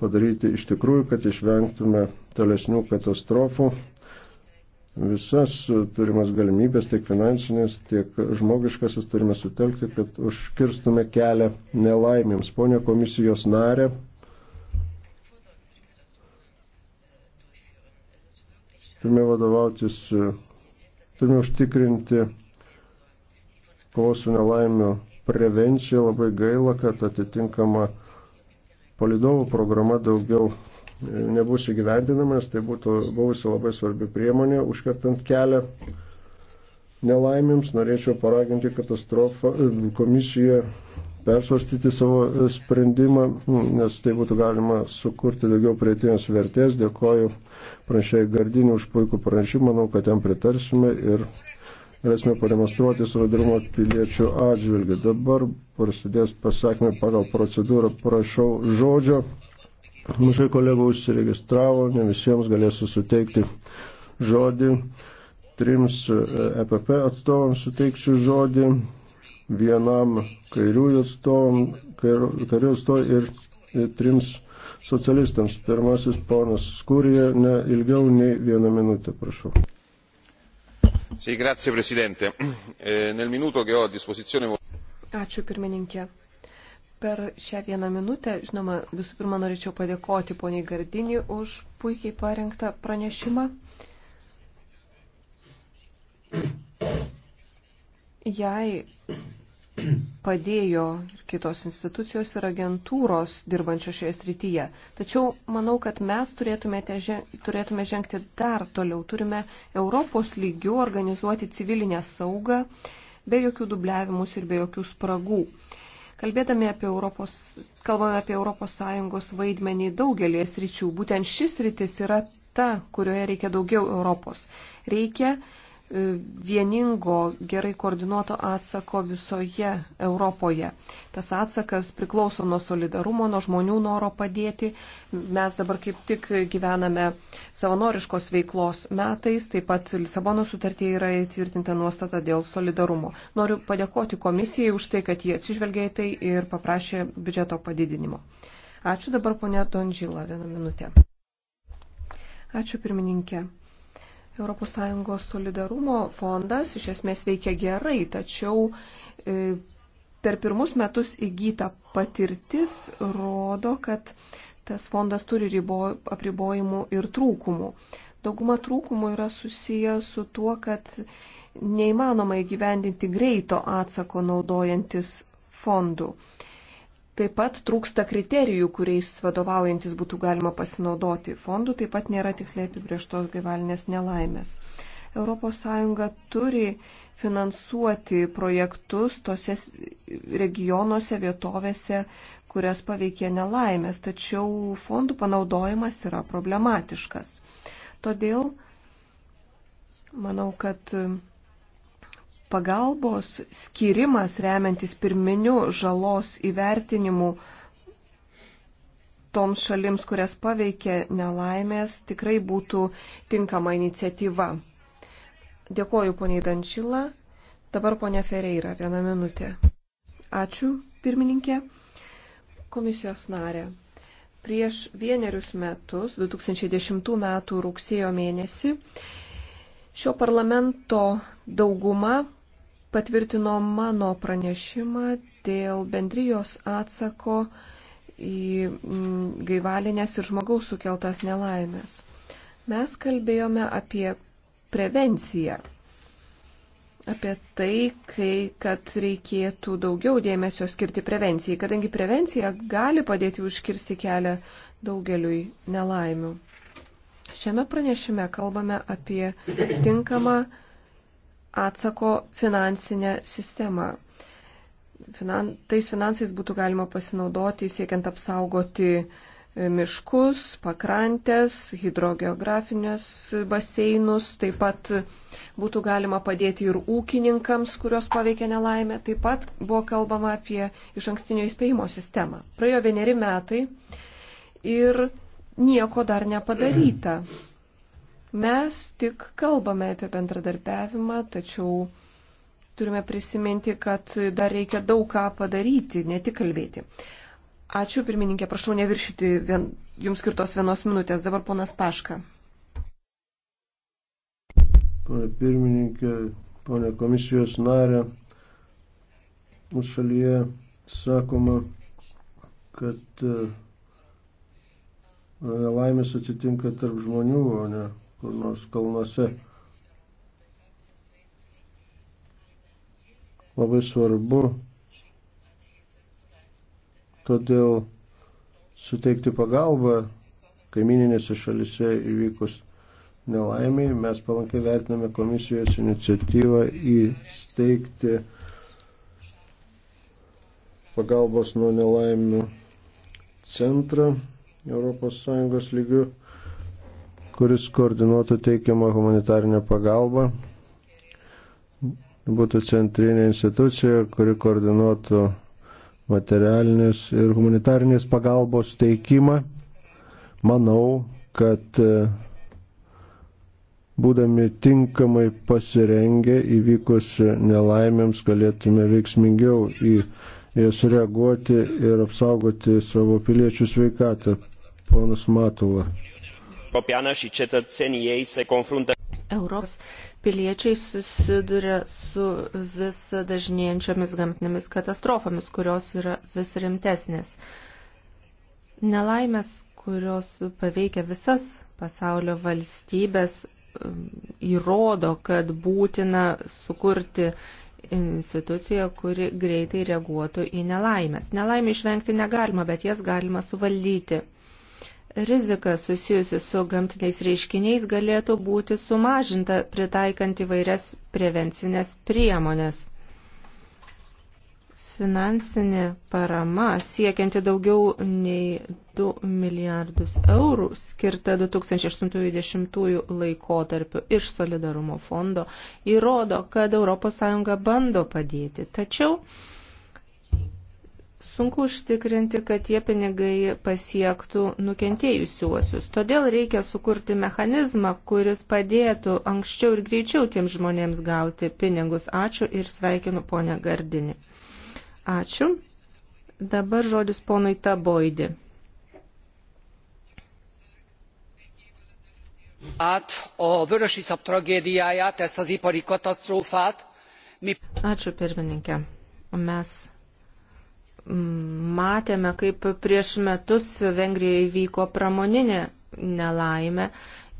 padaryti iš tikrųjų, kad išvengtume tolesnių katastrofų. Visas turimas galimybės, tiek finansinės, tiek žmogiškasis turime sutelkti, kad užkirstume kelią nelaimėms. Pone komisijos narė. Turime vadovautis, turime užtikrinti kovos su nelaimiu prevencija. Labai gaila, kad atitinkama palidovų programa daugiau e, nebus įgyvendinamas, tai būtų buvusi labai svarbi priemonė užkartant kelią nelaimėms. Norėčiau paraginti katastrofą e, komisiją persvarstyti savo e, sprendimą, nes tai būtų galima sukurti daugiau prietinės vertės. Dėkoju pranešėjai Gardinį už puikų pranešimą, manau, kad jam pritarsime ir galėsime pademonstruoti solidarumą piliečių atžvilgių. Dabar prasidės pasakymai pagal procedūrą, prašau žodžio. Mažai kolegų užsiregistravo, ne visiems galėsiu suteikti žodį. Trims EPP e atstovams suteiksiu žodį, vienam kairiųjų atstovam, kairiųjų atstovai ir, ir trims socialistams. Pirmasis ponas Skūrija, ne ilgiau nei vieną minutę, prašau signor presidente eh, onorevoli colleghi per šią vieną minutę žinoma visų pirma norėčiau padėkoti poniai gardini už puikiai parengtą pranešimą. jai padėjo ir kitos institucijos ir agentūros dirbančios šioje srityje. Tačiau manau, kad mes turėtume žengti dar toliau. Turime Europos lygių organizuoti civilinę saugą be jokių dubliavimus ir be jokių spragų. Kalbėdami apie Europos, kalbame apie ES vaidmenį daugelį sričių. Būtent šis rytis yra ta, kurioje reikia daugiau Europos. Reikia E, vieningo, gerai koordinuoto atsako visoje Europoje. Tas atsakas priklauso nuo solidarumo, nuo žmonių noro padėti. Mes dabar kaip tik gyvename savanoriškos veiklos metais, taip pat Lisabono sutartėje yra įtvirtinta nuostata dėl solidarumo. Noriu padėkoti komisijai už tai, kad jie atsižvelgė į tai ir paprašė biudžeto padidinimo. Ačiū dabar ponė Donžyla, vieną minutę. Ačiū pirmininkė. ES solidarumo fondas iš esmės veikia gerai, tačiau e, per pirmus metus įgyta patirtis rodo, kad tas fondas turi ribo, apribojimų ir trūkumų. Dauguma trūkumų yra susiję su tuo, kad neįmanoma įgyvendinti greito atsako naudojantis fondų. Taip pat trūksta kriterijų, kuriais vadovaujantis būtų galima pasinaudoti fondų, taip pat nėra tiksliai apibrieštos gaivalinės nelaimės. ES turi finansuoti projektus tose regionuose, vietovėse, kurias paveikė nelaimės, tačiau fondų panaudojimas yra problematiškas. Todėl manau, kad pagalbos skirimas remiantis pirminiu žalos įvertinimu toms šalims, kurias paveikė nelaimės, tikrai būtų tinkama iniciatyva. Dėkoju poniai Dančila. Dabar ponia Fereira, vieną minutę. Ačiū, pirmininkė. Komisijos narė. Prieš vienerius metus, 2010 m. rugsėjo mėnesį, šio parlamento dauguma patvirtino mano pranešimą dėl bendrijos atsako į mm, gaivalinės ir žmogaus sukeltas nelaimės. Mes kalbėjome apie prevenciją, apie tai, kai, kad reikėtų daugiau dėmesio skirti prevencijai, kadangi prevencija gali padėti užkirsti kelią daugeliui nelaimių. Šiame pranešime kalbame apie tinkamą atsako finansinę sistemą. Finan, tais finansais būtų galima pasinaudoti siekiant apsaugoti e, miškus, pakrantės, hidrogeografinės baseinus, taip pat būtų galima padėti ir ūkininkams, kurios paveikia nelaimė. Taip pat buvo kalbama apie iš ankstinio įspėjimo sistemą. Praėjo vieneri metai ir nieko dar nepadaryta. Mes tik kalbame apie bendradarbiavimą, tačiau turime prisiminti, kad dar reikia daug ką padaryti, ne tik kalbėti. Ačiū, pirmininkė, prašau neviršyti vien, jums skirtos vienos minutės. Dabar ponas Paška. Pone pirmininkė, pone komisijos narė, mūsų šalyje sakoma, kad e, nelaimės atsitinka tarp žmonių, o ne kur nors kalnuose. Labai svarbu todėl suteikti pagalbą kaimininėse šalise įvykus nelaimiai. Mes palankiai vertiname komisijos iniciatyvą įsteigti pagalbos nuo nelaimių centrą ES lygių kuris koordinuotų teikiamą humanitarinę pagalbą, būtų centrinė institucija, kuri koordinuotų materialinės ir humanitarinės pagalbos teikimą. Manau, kad e, būdami tinkamai pasirengę įvykus nelaimėms galėtume veiksmingiau į jas reaguoti ir apsaugoti savo piliečių sveikatą. Ponas Matula europeană și cetățenii ei se confruntă Europos piliečiai susiduria su vis dažnėjančiomis gamtinėmis katastrofomis, kurios yra vis rimtesnės. Nelaimės, kurios paveikia visas pasaulio valstybės, um, įrodo, kad būtina sukurti instituciją, kuri greitai reaguotų į nelaimės. Nelaimė išvengti negalima, bet jas galima suvaldyti rizika susijusi su gamtiniais reiškiniais galėtų būti sumažinta pritaikant įvairias prevencinės priemonės. Finansinė parama siekianti daugiau nei 2 milijardus eurų skirta 2080 laikotarpiu iš solidarumo fondo įrodo, kad ES bando padėti. Tačiau sunku užtikrinti, kad tie pinigai pasiektų nukentėjusiuosius. Todėl reikia sukurti mechanizmą, kuris padėtų anksčiau ir greičiau tiems žmonėms gauti pinigus. Ačiū ir sveikinu ponę Gardinį. Ačiū. Dabar žodis ponui Taboidi. át a vörösiszap tragédiáját ezt az ipari katasztrófát mi. ačiū pirmininke mes matėme, kaip prieš metus Vengrijoje įvyko pramoninė nelaimė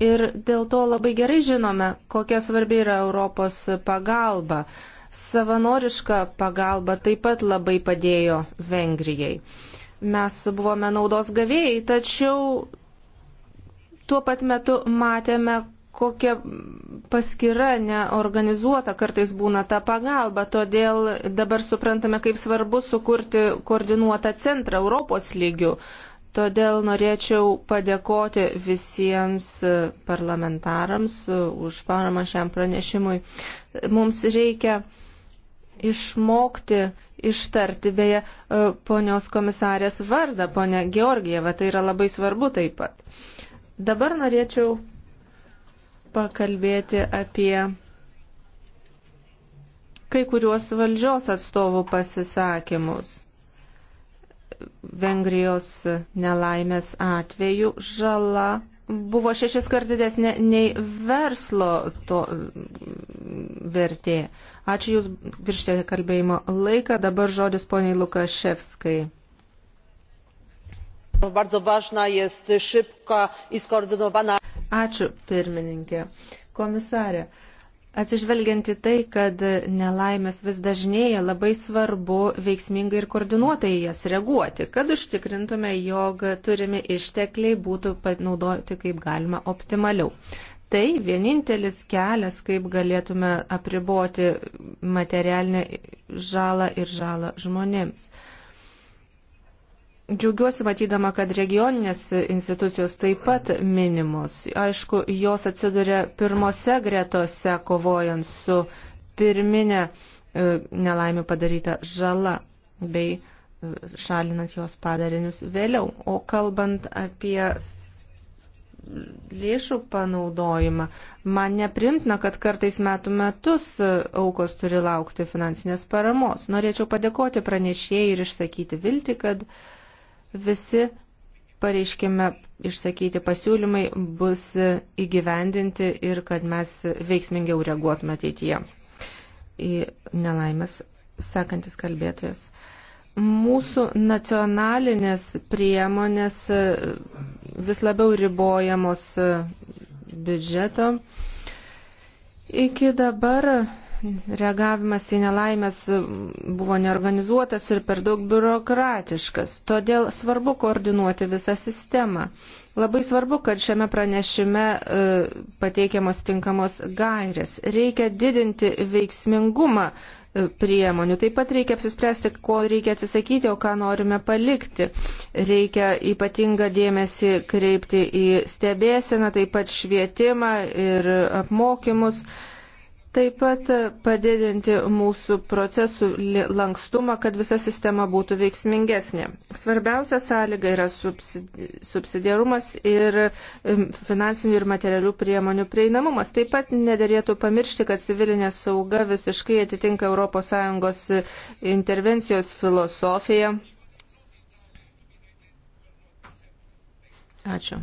ir dėl to labai gerai žinome, kokia svarbi yra Europos pagalba. Savanoriška pagalba taip pat labai padėjo Vengrijai. Mes buvome naudos gavėjai, tačiau tuo pat metu matėme, kokia paskira neorganizuota kartais būna ta pagalba, todėl dabar suprantame, kaip svarbu sukurti koordinuotą centrą Europos lygių. Todėl norėčiau padėkoti visiems parlamentarams už paramą šiam pranešimui. Mums reikia išmokti, ištarti beje ponios komisarės vardą, ponia Georgieva, tai yra labai svarbu taip pat. Dabar norėčiau pakalbėti apie kai kuriuos valdžios atstovų pasisakymus. Vengrijos nelaimės atveju žala buvo šešis kart didesnė nei verslo to vertė. Ačiū Jūs viršėte kalbėjimo laiką. Dabar žodis poniai Lukaševskai. Bardzo ważna jest szybka i skoordynowana Ačiū, pirmininkė. Komisarė, atsižvelgiant į tai, kad nelaimės vis dažnėja, labai svarbu veiksmingai ir koordinuotai jas reaguoti, kad užtikrintume, jog turimi ištekliai būtų panaudoti kaip galima optimaliau. Tai vienintelis kelias, kaip galėtume apriboti materialinę žalą ir žalą žmonėms. Džiaugiuosi matydama, kad regioninės institucijos taip pat minimos. Aišku, jos atsiduria pirmose gretose, kovojant su pirminė e, nelaimė padaryta žala bei e, šalinant jos padarinius vėliau. O kalbant apie lėšų panaudojimą, man neprimtina, kad kartais metų metus e, aukos turi laukti finansinės paramos. Norėčiau padėkoti pranešėjai ir išsakyti viltį, kad uh, visi pareiškime išsakyti pasiūlymai bus įgyvendinti ir kad mes veiksmingiau reaguotume ateityje į nelaimės, sakantis kalbėtojas. Mūsų nacionalinės priemonės vis labiau ribojamos biudžeto. Iki dabar reagavimas į nelaimės buvo neorganizuotas ir per daug biurokratiškas. Todėl svarbu koordinuoti visą sistemą. Labai svarbu, kad šiame pranešime e, pateikiamos tinkamos gairės. Reikia didinti veiksmingumą e, priemonių. Taip pat reikia apsispręsti, ko reikia atsisakyti, o ką norime palikti. Reikia ypatingą dėmesį kreipti į stebėsiną, taip pat švietimą ir apmokymus. Taip pat padidinti mūsų procesų lankstumą, kad visa sistema būtų veiksmingesnė. Svarbiausia sąlyga yra subsidiarumas ir finansinių ir materialių priemonių prieinamumas. Taip pat nedarėtų pamiršti, kad civilinė sauga visiškai atitinka ES e, intervencijos filosofiją. Ačiū.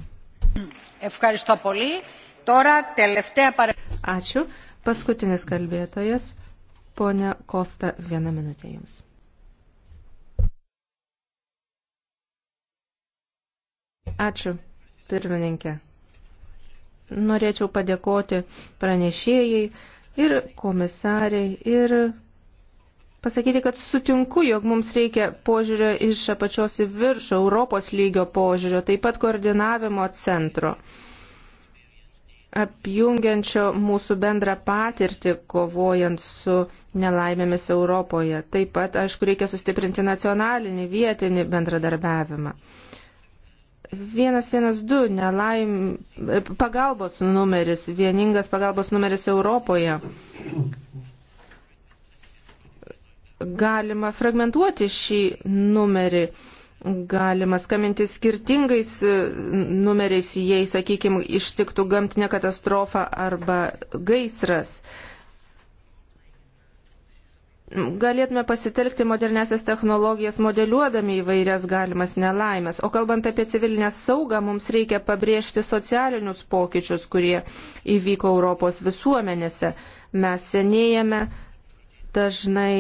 Ačiū. Paskutinis kalbėtojas, ponia Kosta, vieną minutę jums. Ačiū, pirmininkė. Norėčiau padėkoti pranešėjai ir komisariai ir pasakyti, kad sutinku, jog mums reikia požiūrio iš apačios į viršų, Europos lygio požiūrio, taip pat koordinavimo centro apjungiančio mūsų bendrą patirtį kovojant su nelaimėmis Europoje. Taip pat, aišku, reikia sustiprinti nacionalinį, vietinį bendradarbiavimą. 112 nelaim... pagalbos numeris, vieningas pagalbos numeris Europoje. Galima fragmentuoti šį numerį Galima skambinti skirtingais e, numeriais, jei, sakykime, ištiktų gamtinė katastrofa arba gaisras. Galėtume pasitelkti modernesias technologijas, modeliuodami įvairias galimas nelaimės. O kalbant apie civilinę saugą, mums reikia pabrėžti socialinius pokyčius, kurie įvyko Europos visuomenėse. Mes senėjame, dažnai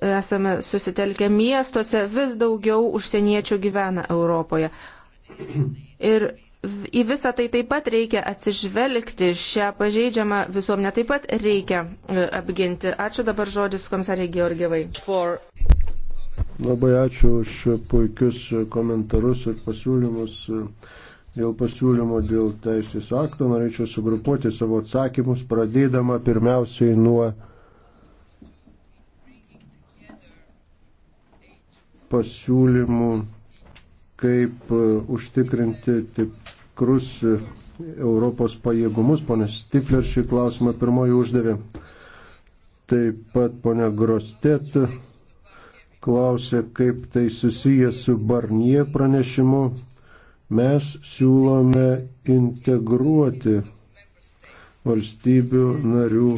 esame susitelkę miestuose, vis daugiau užsieniečių gyvena Europoje. Ir į visą tai taip pat reikia atsižvelgti, šią pažeidžiamą visuomenę taip pat reikia e, apginti. Ačiū dabar žodis komisariai Georgievai. For... Labai ačiū už puikius komentarus ir pasiūlymus. Dėl pasiūlymo dėl teisės akto norėčiau sugrupuoti savo atsakymus, pradėdama pirmiausiai nuo pasiūlymų, kaip e, užtikrinti tikrus e, Europos pajėgumus. Pone Stifler šį klausimą pirmoji uždavė. Taip pat pone Grostet klausė, kaip tai susiję su Barnie pranešimu. Mes siūlome integruoti valstybių narių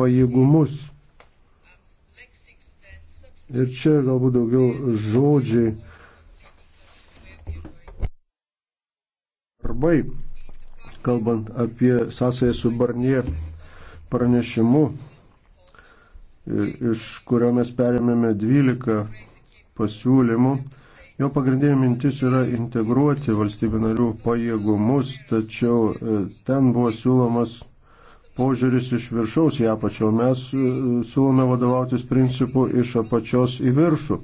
pajėgumus Ir čia galbūt daugiau žodžiai. Arbai, kalbant apie sąsąją su Barnie pranešimu, iš kurio mes perėmėme 12 pasiūlymų, jo pagrindinė mintis yra integruoti valstybių narių pajėgumus, tačiau e, ten buvo siūlomas požiūris iš viršaus į apačią, o mes e, siūlome vadovautis principu iš apačios į viršų.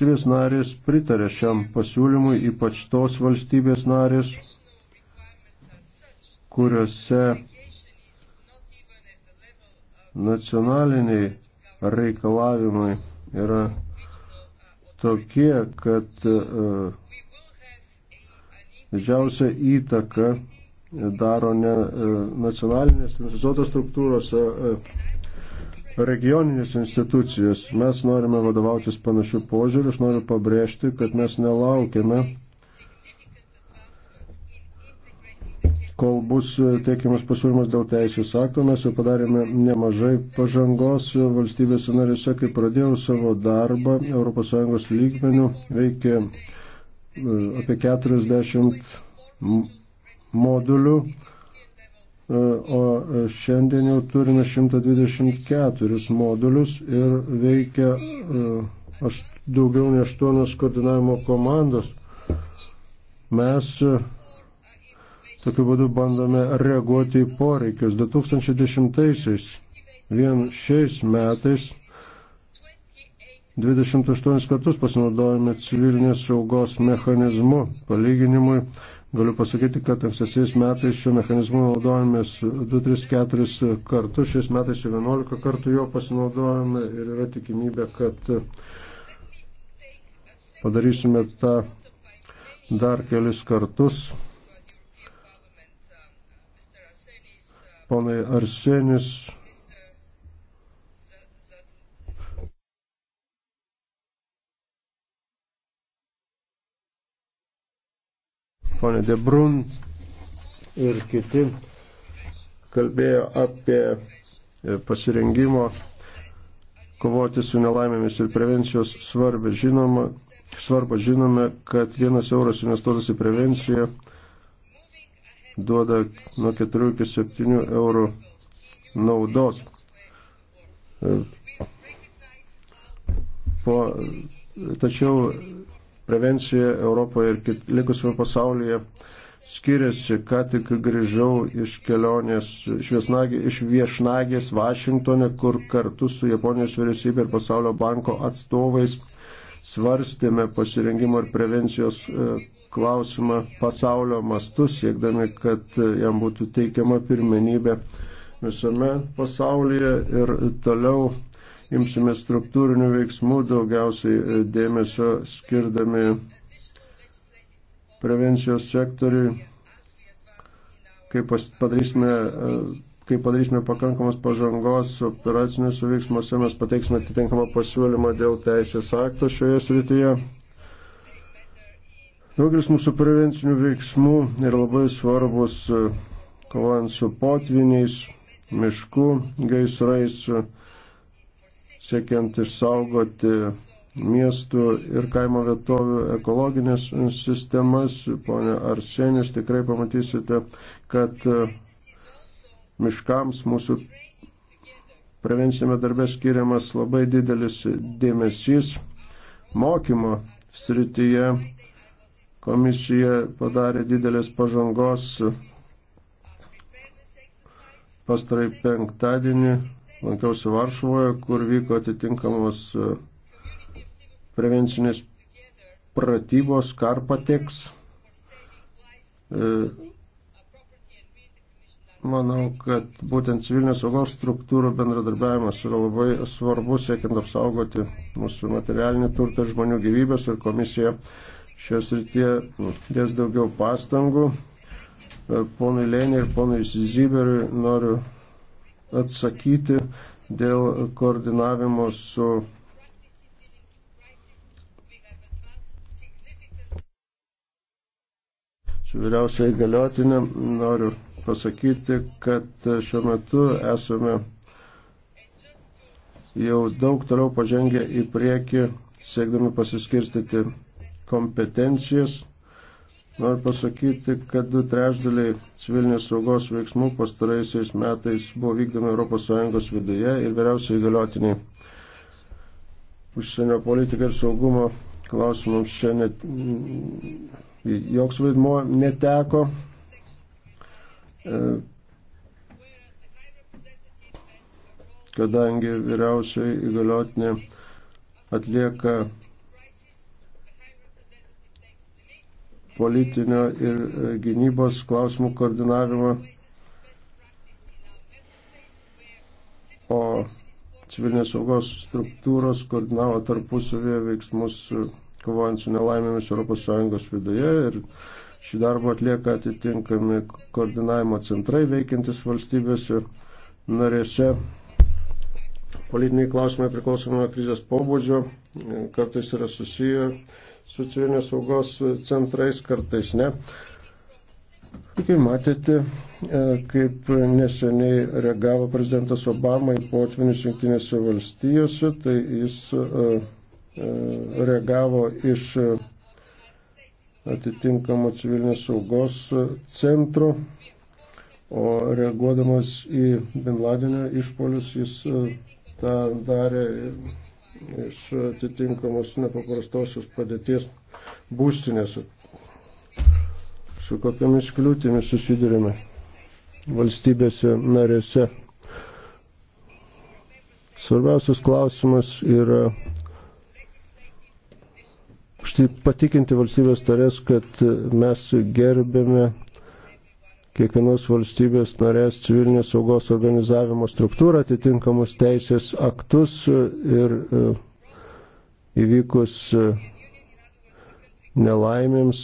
Valstybės narės pritarė šiam pasiūlymui, ypač tos valstybės narės, kuriuose nacionaliniai reikalavimai yra tokie, kad uh, Didžiausia įtaka daro ne e, nacionalinės centralizuotos struktūros, e, regioninės institucijos. Mes norime vadovautis panašių požiūrių. Aš noriu pabrėžti, kad mes nelaukiame, kol bus teikiamas pasiūlymas dėl teisės akto. Mes jau padarėme nemažai pažangos valstybėse narėse, kai pradėjau savo darbą ES lygmenių. Veikia apie 40 modulių, e, o šiandien jau turime 124 modulius ir veikia e, aš, daugiau nei 8 koordinavimo komandos. Mes e, tokiu būdu bandome reaguoti į poreikius. 2010 vien šiais metais 28 kartus pasinaudojame civilinės saugos mechanizmu. Palyginimui galiu pasakyti, kad ankstesiais metais šio mechanizmu naudojamės 2-3-4 kartus, šiais metais 11 kartų jo pasinaudojame ir yra tikimybė, kad padarysime tą dar kelis kartus. Ponai Arsenis ponė Debrun ir kiti kalbėjo apie e, pasirengimo kovoti su nelaimėmis ir prevencijos svarbą. Žinoma, svarbą žinome, kad vienas euras investuotas į prevenciją duoda nuo 4 iki 7 eurų naudos. E, po, tačiau prevencija Europoje ir kit, likusio pasaulyje skiriasi. Ką tik grįžau iš kelionės iš, viesnagė, iš viešnagės Vašingtone, kur kartu su Japonijos vyriausybė ir pasaulio banko atstovais svarstėme pasirengimo ir prevencijos e, klausimą pasaulio mastu, siekdami, kad e, jam būtų teikiama pirmenybė visame pasaulyje ir toliau imsime struktūrinių veiksmų, daugiausiai e, dėmesio skirdami prevencijos sektoriui, kai padarysime, e, kai padarysime pakankamos pažangos operacinėse veiksmuose, mes pateiksime atitinkamą pasiūlymą dėl teisės akto šioje srityje. Daugelis mūsų prevencinių veiksmų yra labai svarbus e, kovojant su potviniais, miškų gaisrais, siekiant išsaugoti miestų ir kaimo vietovių ekologinės sistemas. Pone Arsenis, tikrai pamatysite, kad e, miškams mūsų prevencinėme darbe skiriamas labai didelis dėmesys. Mokymo srityje komisija padarė didelės pažangos pastarai penktadienį lankiausi Varšuvoje, kur vyko atitinkamos e, prevencinės pratybos Karpateks. E, manau, kad būtent civilinės saugos struktūrų bendradarbiavimas yra labai svarbus, siekiant apsaugoti mūsų materialinį turtą ir žmonių gyvybės ir komisija šios rytie dės daugiau pastangų. E, ponui Lenį ir ponui Zyberiui noriu atsakyti dėl koordinavimo su su vyriausiai galiotinė noriu pasakyti, kad šiuo metu esame jau daug toliau pažengę į priekį, siekdami pasiskirstyti kompetencijas Noriu pasakyti, kad du trešdaliai civilinės saugos veiksmų pastaraisiais metais buvo vykdomi ES viduje ir vyriausiai galiotiniai užsienio politika ir saugumo klausimams čia net, joks vaidmuo neteko. E, kadangi vyriausiai įgaliotinė atlieka politinio ir e, gynybos klausimų koordinavimo, o civilinės saugos struktūros koordinavo tarpusavėje veiksmus e, kovojant su nelaimėmis ES viduje ir šį darbą atlieka atitinkami koordinavimo centrai veikiantis valstybėse narėse. Politiniai klausimai priklausomai nuo krizės pobūdžio e, kartais yra susiję su civilinės saugos centrais, kartais ne. Kaip matėte, e, kaip neseniai reagavo prezidentas Obama į potvinius Junktinėse valstijose, tai jis e, e, reagavo iš atitinkamo civilinės saugos centro, o reaguodamas į Bin Ladenio išpolius jis tą darė iš atitinkamos nepaprastosios padėties būstinės, su kokiamis kliūtimis susidurime valstybėse narėse. Svarbiausias klausimas yra patikinti valstybės tarės, kad mes gerbėme kiekvienos valstybės narės civilinės saugos organizavimo struktūrą, atitinkamus teisės aktus ir e, įvykus e, nelaimėms,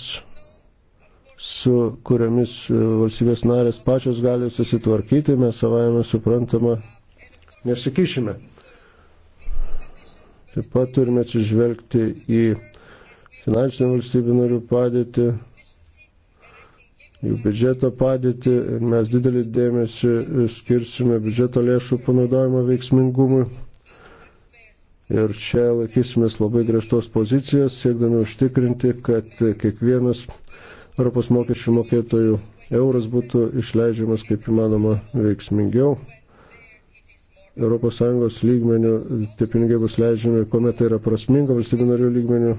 su kuriamis e, valstybės narės pačios gali susitvarkyti, mes savame suprantama nesikišime. Taip pat turime atsižvelgti į finansinį valstybių narių padėtį, jų biudžeto padėtį ir mes didelį dėmesį skirsime biudžeto lėšų panaudojimo veiksmingumui. Ir čia laikysimės labai griežtos pozicijos, siekdami užtikrinti, kad kiekvienas Europos mokesčių mokėtojų euras būtų išleidžiamas kaip įmanoma veiksmingiau. ES lygmenių tie pinigai bus leidžiami, kuomet tai yra prasminga, valstybių narių lygmenių,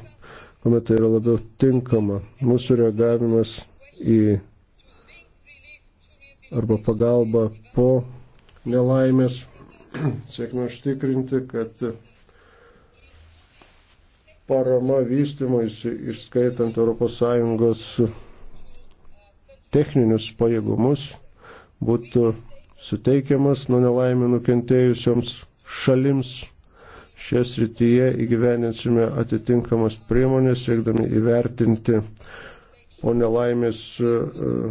kuomet tai yra labiau tinkama. Mūsų reagavimas į arba pagalba po nelaimės. Siekime užtikrinti, kad parama vystymuisi, išskaitant ES techninius pajėgumus, būtų suteikiamas nuo nelaimė nukentėjusioms šalims. Šią srityje įgyveninsime atitinkamas priemonės, siekdami įvertinti po nelaimės uh,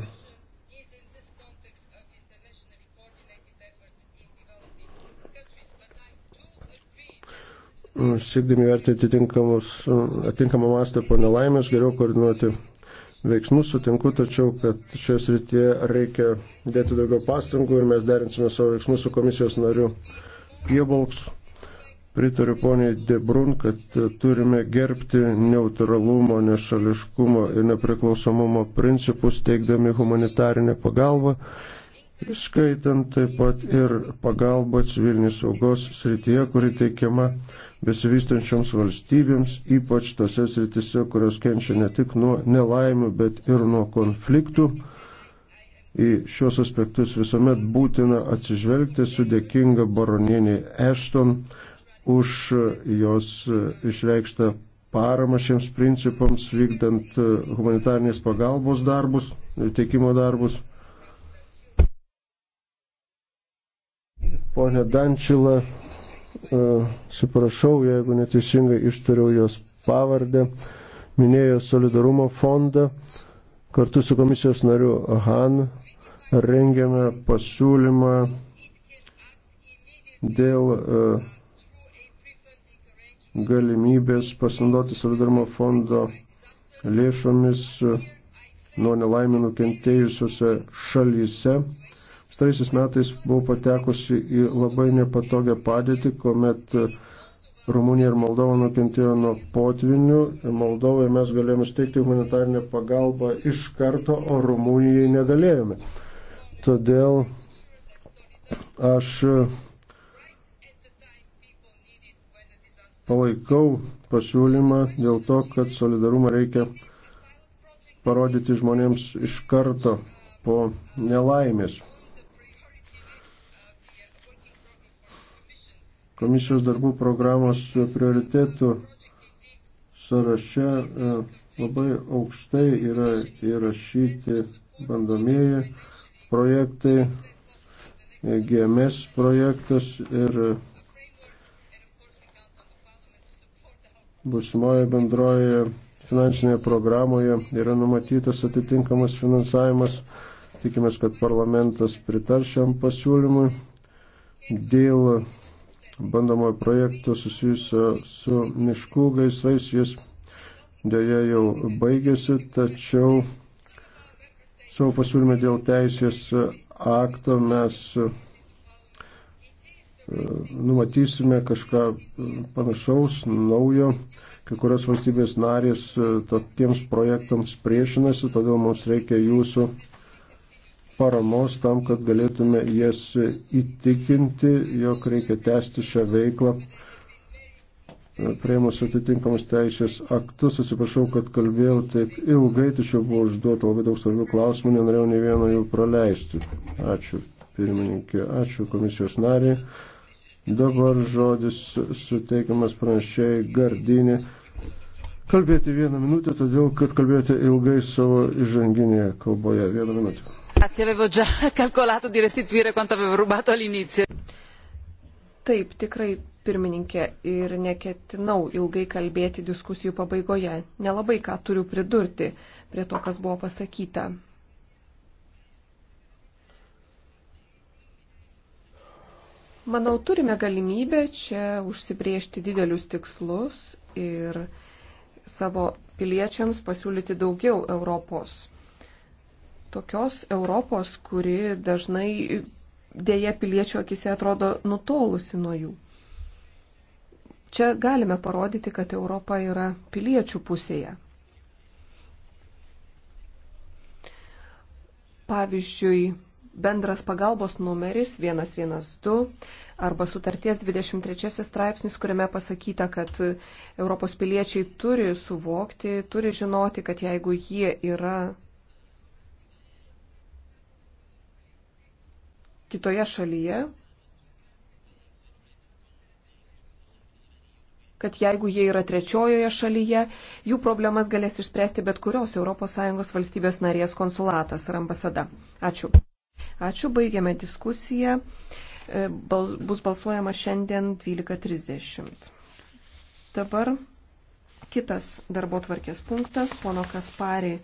Mm, siekdami vertinti mm, atitinkamą mastą po nelaimės, geriau koordinuoti veiksmus, sutinku, tačiau, kad šioje srityje reikia dėti daugiau pastangų ir mes derinsime savo veiksmus su komisijos nariu Piebalks. Pritariu poniai Debrun, kad turime gerbti neutralumo, nešališkumo ir nepriklausomumo principus, teikdami humanitarinę pagalbą, skaitant taip pat ir pagalbą civilinės saugos srityje, kuri teikiama besivystančioms valstybėms, ypač tose sritise, kurios kenčia ne tik nuo nelaimių, bet ir nuo konfliktų. Į šios aspektus visuomet būtina atsižvelgti su dėkinga baronienė Ešton už jos išreikštą paramą šiems principams vykdant humanitarnės pagalbos darbus, teikimo darbus. Pone Dančila, E, atsiprašau, jeigu neteisingai ištariau jos pavardę, minėjo solidarumo fondą. Kartu su komisijos nariu Han rengiame pasiūlymą dėl e, galimybės pasinaudoti solidarumo fondo lėšomis e, nuo nelaimė nukentėjusiose šalyse. Staraisiais metais buvau patekusi į labai nepatogią padėtį, kuomet e, Rumunija ir Moldova nukentėjo nuo potvinių. Moldovoje mes galėjome steigti humanitarinę pagalbą iš karto, o Rumunijai negalėjome. Todėl aš e, palaikau pasiūlymą dėl to, kad solidarumą reikia parodyti žmonėms iš karto po nelaimės. komisijos darbų programos prioritėtų sąraše e, labai aukštai yra įrašyti bandomieji projektai, e, GMS projektas ir busimoje bendroje finansinėje programoje yra numatytas atitinkamas finansavimas. Tikimės, kad parlamentas pritar šiam pasiūlymui dėl bandomojo projekto susijusio su miškų gaisrais. Jis dėja jau baigėsi, tačiau savo pasiūlymą dėl teisės akto mes e, numatysime kažką panašaus, naujo. Kai kurios valstybės narės e, tokiems projektams priešinasi, todėl mums reikia jūsų paramos tam, kad galėtume jas įtikinti, jog reikia tęsti šią veiklą. E, Prieimus atitinkamus teisės aktus, atsiprašau, kad kalbėjau taip ilgai, tačiau buvo užduota labai daug svarbių klausimų, nenorėjau nei vieno jų praleisti. Ačiū pirmininkė, ačiū komisijos nariai. Dabar žodis suteikiamas pranešėjai Gardinį kalbėti vieną minutę, todėl kad kalbėjote ilgai savo įžanginėje kalboje. Vieną minutę. Grazie, avevo già calcolato di restituire quanto avevo rubato all'inizio. Taip, tikrai, pirmininkė, ir neketinau ilgai kalbėti diskusijų pabaigoje. Nelabai ką turiu pridurti prie to, kas buvo pasakyta. Manau, turime galimybę čia užsibriežti didelius tikslus ir savo piliečiams pasiūlyti daugiau Europos tokios Europos, kuri dažnai dėja piliečių akise atrodo nutolusi nuo jų. Čia galime parodyti, kad Europa yra piliečių pusėje. Pavyzdžiui, bendras pagalbos numeris 112 arba sutarties 23 straipsnis, kuriame pasakyta, kad Europos piliečiai turi suvokti, turi žinoti, kad jeigu jie yra kitoje šalyje, kad jeigu jie yra trečiojoje šalyje, jų problemas galės išspręsti bet kurios ES valstybės narės konsulatas ar ambasada. Ačiū. Ačiū, baigiame diskusiją. E, bal, bus balsuojama šiandien 12.30. Dabar kitas darbo tvarkės punktas, pono Kaspari.